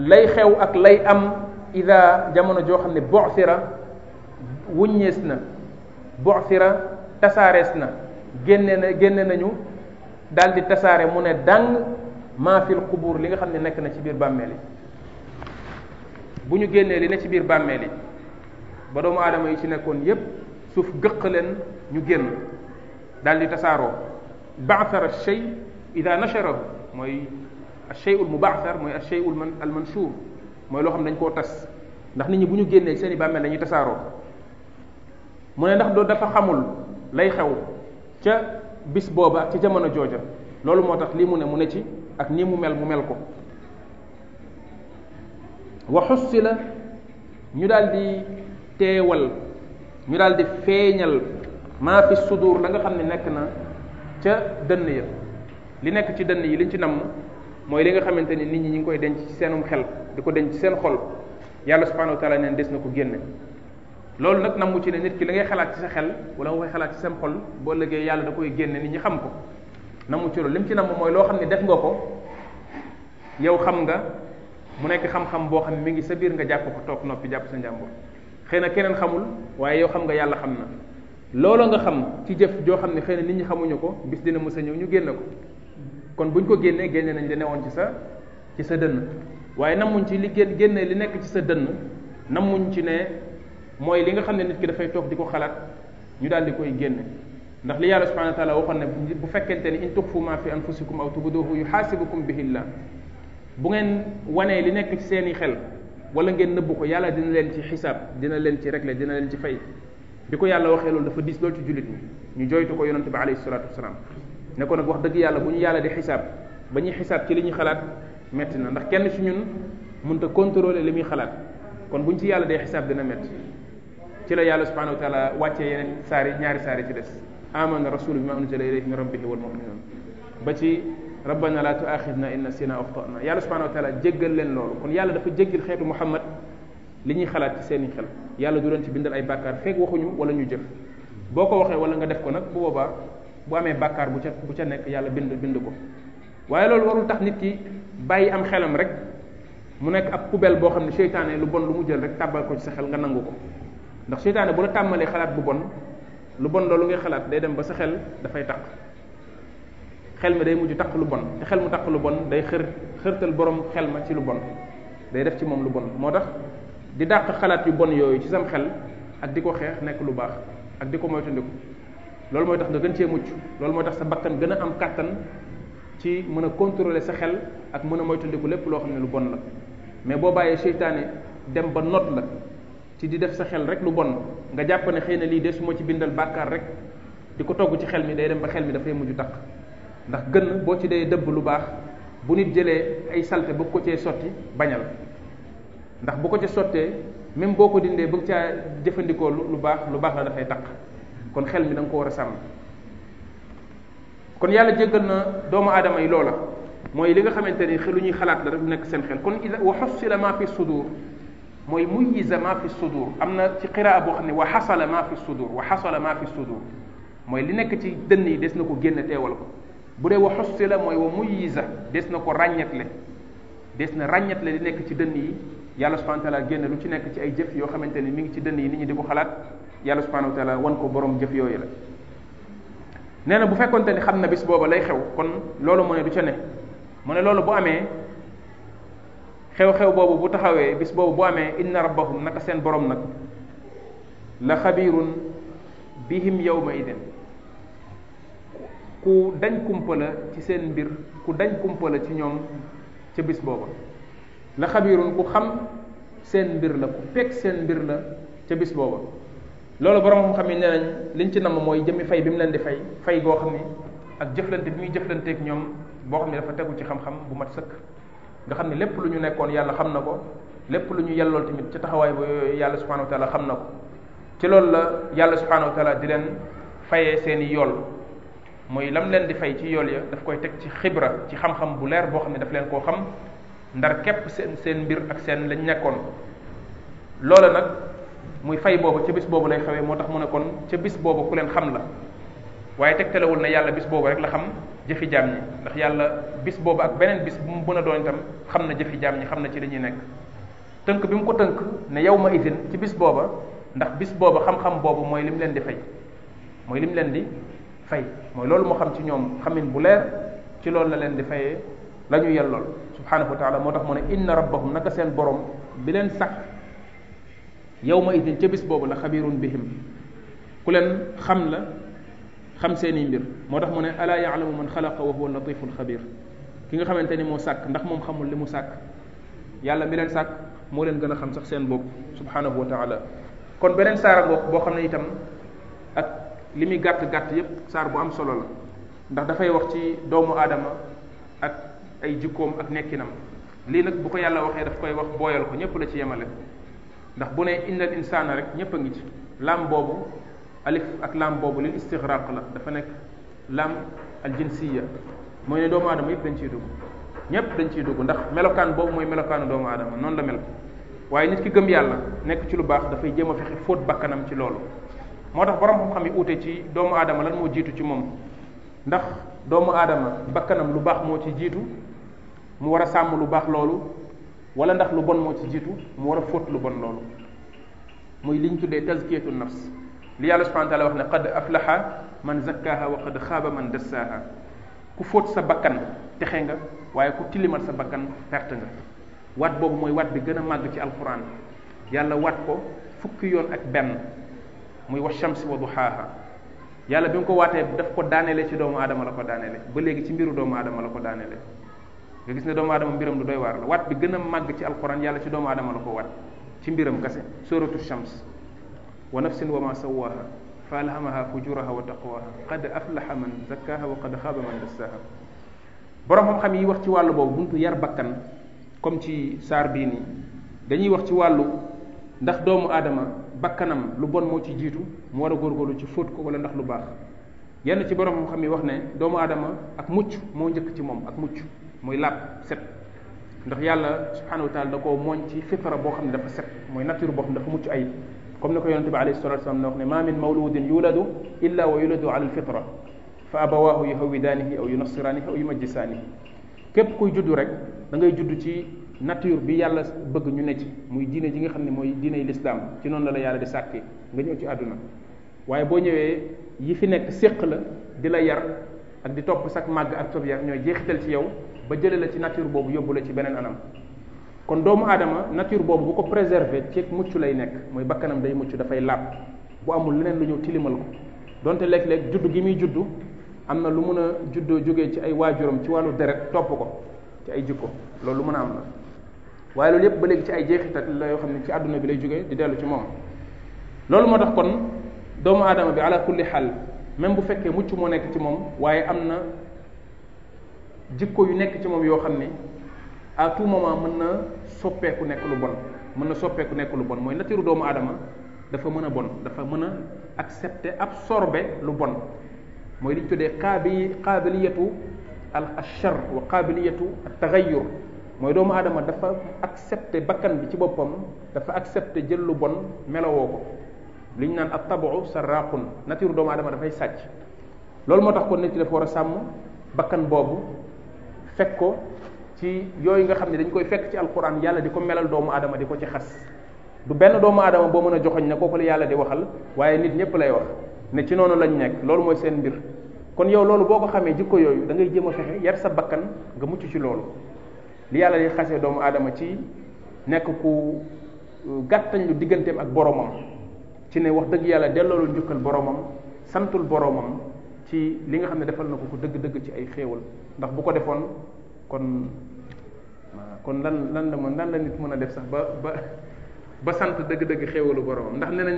S1: lay xew ak lay am ida jamono joo xam ne boxira wuññees na boxira tasaarees na génne na génne nañu daal di tasaare mu ne dàng maa fil li nga xam ne nekk na ci biir bàmmeel yi bu ñu génnee li ne ci biir bàmmeel yi ba doomu aadama yi ci nekkoon yépp suuf gëq leen ñu génn daldi tasaaroo ba'thara shay ida nasharahu mooy acheyul mubaasar mooy acheyul man al manshur mooy loo xam ne dañ koo tas ndax nit ñi bu ñu génnee seeni i bàmmeel dañuy tasaaroo mu ne ndax doo dafa xamul lay xew ca bis booba ci jamono jooja loolu moo tax lii mu ne mu ne ci ak nii mu mel mu mel ko wa xussi la ñu daal di teewal ñu daal di feeñal maa fi sudur la nga xam ne nekk na ca dënn ya li nekk ci dënn yi liñ ci namm mooy li nga xamante ni nit ñi ñu ngi koy denc ci seenum xel di ko denc ci seen xol yàlla subhanahu wa taala neen des na ko génne loolu nag namu ci ne nit ki la ngay xalaat ci sa xel wala nga koy xalaat ci seen xol boo ëllëgee yàlla da koy génne nit ñi xam ko namu ci loolu lim ci namm mooy loo xam ne def nga ko yow xam nga mu nekk xam-xam boo xam ne mi ngi sa biir nga jàpp ko toog noppi jàpp sa njàmbur xëy na keneen xamul waaye yow xam nga yàlla xam na loolu nga xam ci jëf joo xam ne xëy na nit ñi xamuñu ko bis dina mës a ñëw ñu génn ko kon buñ ko génnee génne nañ li woon ci sa ci sa dënn waaye namuñ ci li génn génne li nekk ci sa dënn namuñ ci ne mooy li nga xam ne nit ki dafay toog di ko xalaat ñu daal di koy génne ndax li yàlla subhanahu wa taala waxoon ne bu fekkente ne in tuxfu ma fi anfusikum aw tubduhu yuxaasibukum bihillah bu ngeen wanee li nekk ci seeni xel wala ngeen nëbbu ko yàlla dina leen ci xisaab dina leen ci régler dina leen ci fay bi ko yàlla waxee loolu dafa diis ci jullit ñi ñu joytu ko yonente bi alayhi salatu wasalaam ne ko nag wax dëgg yàlla bu ñu yàlla di xisaab ba ñuy xisaab ci li ñuy xalaat metti na ndax kenn ci ñun mënut a contrôler li muy xalaat kon bu ci yàlla dee xisaab dina metti ci la yàlla subhanahu wa taala wàccee yeneen saari ñaari saari ci des amana rasulu bima unzila ilayhi min rabbihi wal mu'minun ba ci rabbana la tuaxidna in nasina axtana yàlla subhanahu wa taala jéggal leen loolu kon yàlla dafa jéggil xeetu muhammad li ñuy xalaat ci seeni xel yàlla du leen ci bindal ay bàkkaar feek waxuñu wala ñu jëf boo ko waxee wala nga def ko nag boobaa bu amee bàkkaar bu ca bu ca nekk yàlla bind bind ko waaye loolu warul tax nit ki bàyyi am xelam rek mu nekk ab poubelle boo xam ne seytaanee lu bon lu mu jël rek tàbbal ko ci sa xel nga nangu ko ndax seytaane bu la tàmmalee xalaat bu bon lu bon loolu ngay xalaat day dem ba sa xel dafay taq xel mi day mujj taq lu bon te xel mu taq lu bon day xër xërtal borom xel ma ci lu bon day def ci moom lu bon moo tax di dàq xalaat yu bon yooyu ci sam xel ak di ko xeex nekk lu baax ak di ko moytandiku loolu mooy tax nga gën cee mucc loolu mooy tax sa bakkan gën a am kàttan ci mën a contrôler sa xel ak mën a moytandiku lépp loo xam ne lu bon la mais boo bàyyee seytaane dem ba not la ci di def sa xel rek lu bon nga jàpp ne xëy na lii de su ma ci bindal bàkkaar rek di ko togg ci xel mi day dem ba xel mi dafay mujj takk ndax gën boo ci dee dëbb lu baax bu nit jëlee ay salte bëgg ko cee sotti bañal ndax bu ko ca sottee même boo ko dindee bëgg ca jëfandikoo lu baax lu baax dafay takk kon xel mi danga ko war a sàmm kon yàlla jéggal na doomu aadama yi loola mooy li nga xamante ni xelu ñuy xalaat la rek nekk seen xel kon wa wax ma fi sudur mooy muyiza ma fi sudur am na ci qiraa boo xam ne wa xasala ma fi sudur wa xasala mooy li nekk ci dënn yi des na ko génn teewal ko bu dee wa xussila mooy wa muyiza des na ko ràññetle des na ràññetle li nekk ci dënn yi yàlla subhanahu wa taala génn lu ci nekk ci ay jëf yoo xamante ni mu ngi ci dënn yi nit ñi di ko xalaat yàlla subhanahu wa taala wan ko borom jëf yooyu la nee na bu fekkonte ni xam na bis booba lay xew kon loolu mu ne du ca ne mu ne loolu bu amee xew-xew boobu bu taxawee bis boobu bu amee inna rabbahum naka seen borom nag la xabiirun bihim yawma idin ku dañ kumpa la ci seen mbir ku dañ kumpa la ci ñoom ca bis booba la xabiirun ku xam seen mbir la ku pekk seen mbir la ca bis booba loolu borom xam-xam yi ne nañ liñ ci namm mooy jëmmi fay bi mu leen di fay fay goo xam ne ak jëflante bi muy jëflanteeg ñoom boo xam ne dafa tegu ci xam-xam bu mat sëkk nga xam ne lépp lu ñu nekkoon yàlla xam na ko lépp lu ñu yellool tamit ci taxawaay ba yàlla subhanahu wa taala xam na ko ci loolu la yàlla subhanahu wa taala di leen fayee seeni yool mooy lam leen di fay ci yool ya daf koy teg ci xibra ci xam bu leer boo xam ne daf leen koo xam ndar képp seen seen mbir ak seen lañ nekkoon loola nag muy fay boobu ca bis boobu lay xewee moo tax mu ne kon ca bis boobu ku leen xam la waaye teg telewul ne yàlla bis booba rek la xam jëfi jaam ñi ndax yàlla bis boobu ak beneen bis bu mu mën a doon itam xam na jëfi jaam ñi xam na ci li ñuy nekk tënk bi mu ko tënk ne yow ma isin ci bis booba ndax bis booba xam-xam boobu mooy lim leen di fay mooy lim leen di fay mooy loolu moo xam ci ñoom xamin bu leer ci loolu la leen di fayee la yàlla yellool subhanahu wa taala moo tax mu ne inna rabbahum naka seen borom yow ma idin ca bis boobu la xabirun bihim ku leen xam la xam seeni mbir moo tax mu ne alaa ya la yaalamu man xalaqa wa huwa latiful xabir ki nga xamante ni moo sàkk ndax moom xamul li mu sàkk yàlla mi leen sàkk moo leen gën a xam sax seen bopp subhanahu wa taala kon beneen saara ngoog boo xam ne itam ak li muy gàtt gàtt yépp saar bu am solo la ndax dafay wax ci doomu aadama ak ay jikkoom ak nekkinam lii nag bu ko yàlla waxee daf koy wax booyal ko ñépp la ci yemale ndax bu ne innal insaana rek ñëpp a ngi ci làmb boobu alif ak làmb boobu lil istixraq la dafa nekk lam al jinsiya mooy ne doomu aadama yëpp dañ ciy dugg ñëpp dañ ciy dugg ndax melokaan boobu mooy melokaanu doomu aadama noonu la mel waaye nit ki gëm yàlla nekk ci lu baax dafay jéem a fexe fóot bakkanam ci loolu moo tax borom xam-xam yi uute ci doomu aadama lan moo jiitu ci moom ndax doomu aadama bakkanam lu baax moo ci jiitu mu war a sàmm lu baax loolu wala ndax lu bon moo ci jiitu mu war a fóot lu bon loolu muy liñ tuddee tazkiyatu nafs li yàlla subhanahu wa wax ne qad aflaha man zakkaha wa qad xaaba man dassaha ku fóot sa bakkan texe nga waaye ku tilimal sa bakkan perte nga waat boobu mooy waat bi gën a màgg ci alquran yàlla waat ko fukki yoon ak benn muy wax shamsi wa duhaaha yàlla bi mu ko waatee daf ko daaneele ci doomu aadama la ko daaneele ba léegi ci mbiru doomu aadama la ko daaneele nga gis ne doomu adama mbiram lu doy waar la wat bi gën a màgg ci alquran yàlla ci doomu aadama la ko wat ci mbiram kase suratu shams wa nafsin wa ma sawaha fa alhamaha fujuraha wa taqwaha qad aflaha man zakkaha wa qad xaaba man dassaha borom wax ci wàllu boobu buntu yar comme ci saar bii nii dañuy wax ci wàllu ndax doomu aadama bakkanam lu bon moo ci jiitu mu war a góorgóorlu ci fóot ko wala ndax lu baax yenn ci borom xam-xam yi wax ne doomu aadama ak mucc moo njëkk ci moom ak mucc mooy lab set ndax yàlla subhanahu wa taala da koo mooñ ci fitra boo xam ne dafa set mooy nature boo xam ne dafa mucc ay comme ni ko yonente bi alayhi salatu wasalam ne wax ne ma min mawludin yuladu illa wa yuladu ala alfitra fa abawaahu yuhawidaanihi aw yunassiraanihi aw yumajjisaanihi képp kuy juddu rek da ngay judd ci nature bi yàlla bëgg ñu ne ci muy diine ji nga xam ne mooy diiney lislaam ci noonu la la yàlla di sàkkee nga ñëw ci àdduna waaye boo ñëwee yi fi nekk séq la di la yar ak di topp sax màgg ak sob yar ñooy jeexital ci yow ba jële la ci nature boobu yóbbu la ci beneen anam kon doomu aadama nature boobu bu ko préserver ci mucc lay nekk mooy bakkanam day mucc dafay laab bu amul leneen lu ñëw tilimal ko donte léeg-léeg juddu gi muy juddu am na lu mën a juddoo jóge ci ay waajuram ci wàllu deret topp ko ci ay jikko loolu mën a am la waaye loolu yépp ba léegi ci ay jeexitat la yoo xam ne ci àdduna bi lay jógee di dellu ci moom loolu moo tax kon doomu aadama bi ala même bu fekkee mucc moo nekk ci moom waaye am na jikko yu nekk ci moom yoo xam ne à tout moment mën na soppeeku nekk lu bon mën na soppeeku nekk bon mooy natiru doomu aadama dafa mën a bon dafa mën a accepter absorber lu bon mooy li ñu tuddee qaabi qaabiliyatu al achar wa qaabiliyatu at taxayur mooy doomu aadama dafa accepter bakkan bi ci boppam dafa accepter jël lu bon melowoo ko li ñu naan ab sa sarraqun natiru doomu aadama dafay sàcc loolu moo tax kon nit ki dafa war a sàmm bakkan boobu fekk ko ci yooyu nga xam ne dañ koy fekk ci alquran yàlla di ko melal doomu aadama di ko ci xas du benn doomu aadama boo mën a joxoñ ne kooku la yàlla di waxal waaye nit ñëpp lay wax ne ci noonu lañ nekk loolu mooy seen mbir kon yow loolu boo ko xamee jikko yooyu dangay ngay jéem yar sa bakkan nga mucc ci loolu li yàlla di xasee doomu aadama ci nekk ku euh, gàttañ lu digganteem ak boromam ci ne wax dëgg yàlla delloolu njukkal boromam santul boromam ci li nga xam ne defal na ko ku dëgg-dëgg ci ay xéewal ndax bu ko defoon kon kon lan lan la mën lan la nit mën a def sax ba ba ba sant dëgg-dëgg xéewalu boromam ndax ne nañ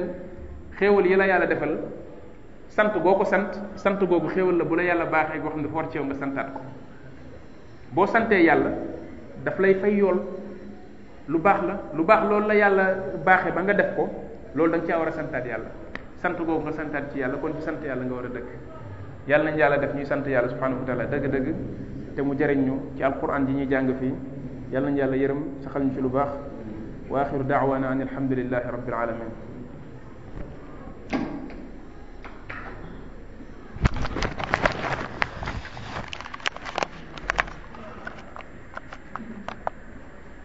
S1: xéewal yi la yàlla defal sant goo ko sant sant googu xéewal la bu la yàlla baaxee goo xam ne forcé nga santaat ko boo santee yàlla daf lay fay yool lu baax la lu baax loolu la yàlla baaxee ba nga def ko loolu da nga war a santaat yàlla sant googu nga santaat ci yàlla kon ci sant yàlla nga war a dëkk yàlla na yàlla def ñuy sant yàlla subhanahu wa taala dëgg-dëgg te mu jëriñ ñu ci alquran ji ñuy jàng fii yàlla nañu yàlla yërëm saxal ñu ci lu baax wa axiru daawana an alhamdulillahi rabbil alamin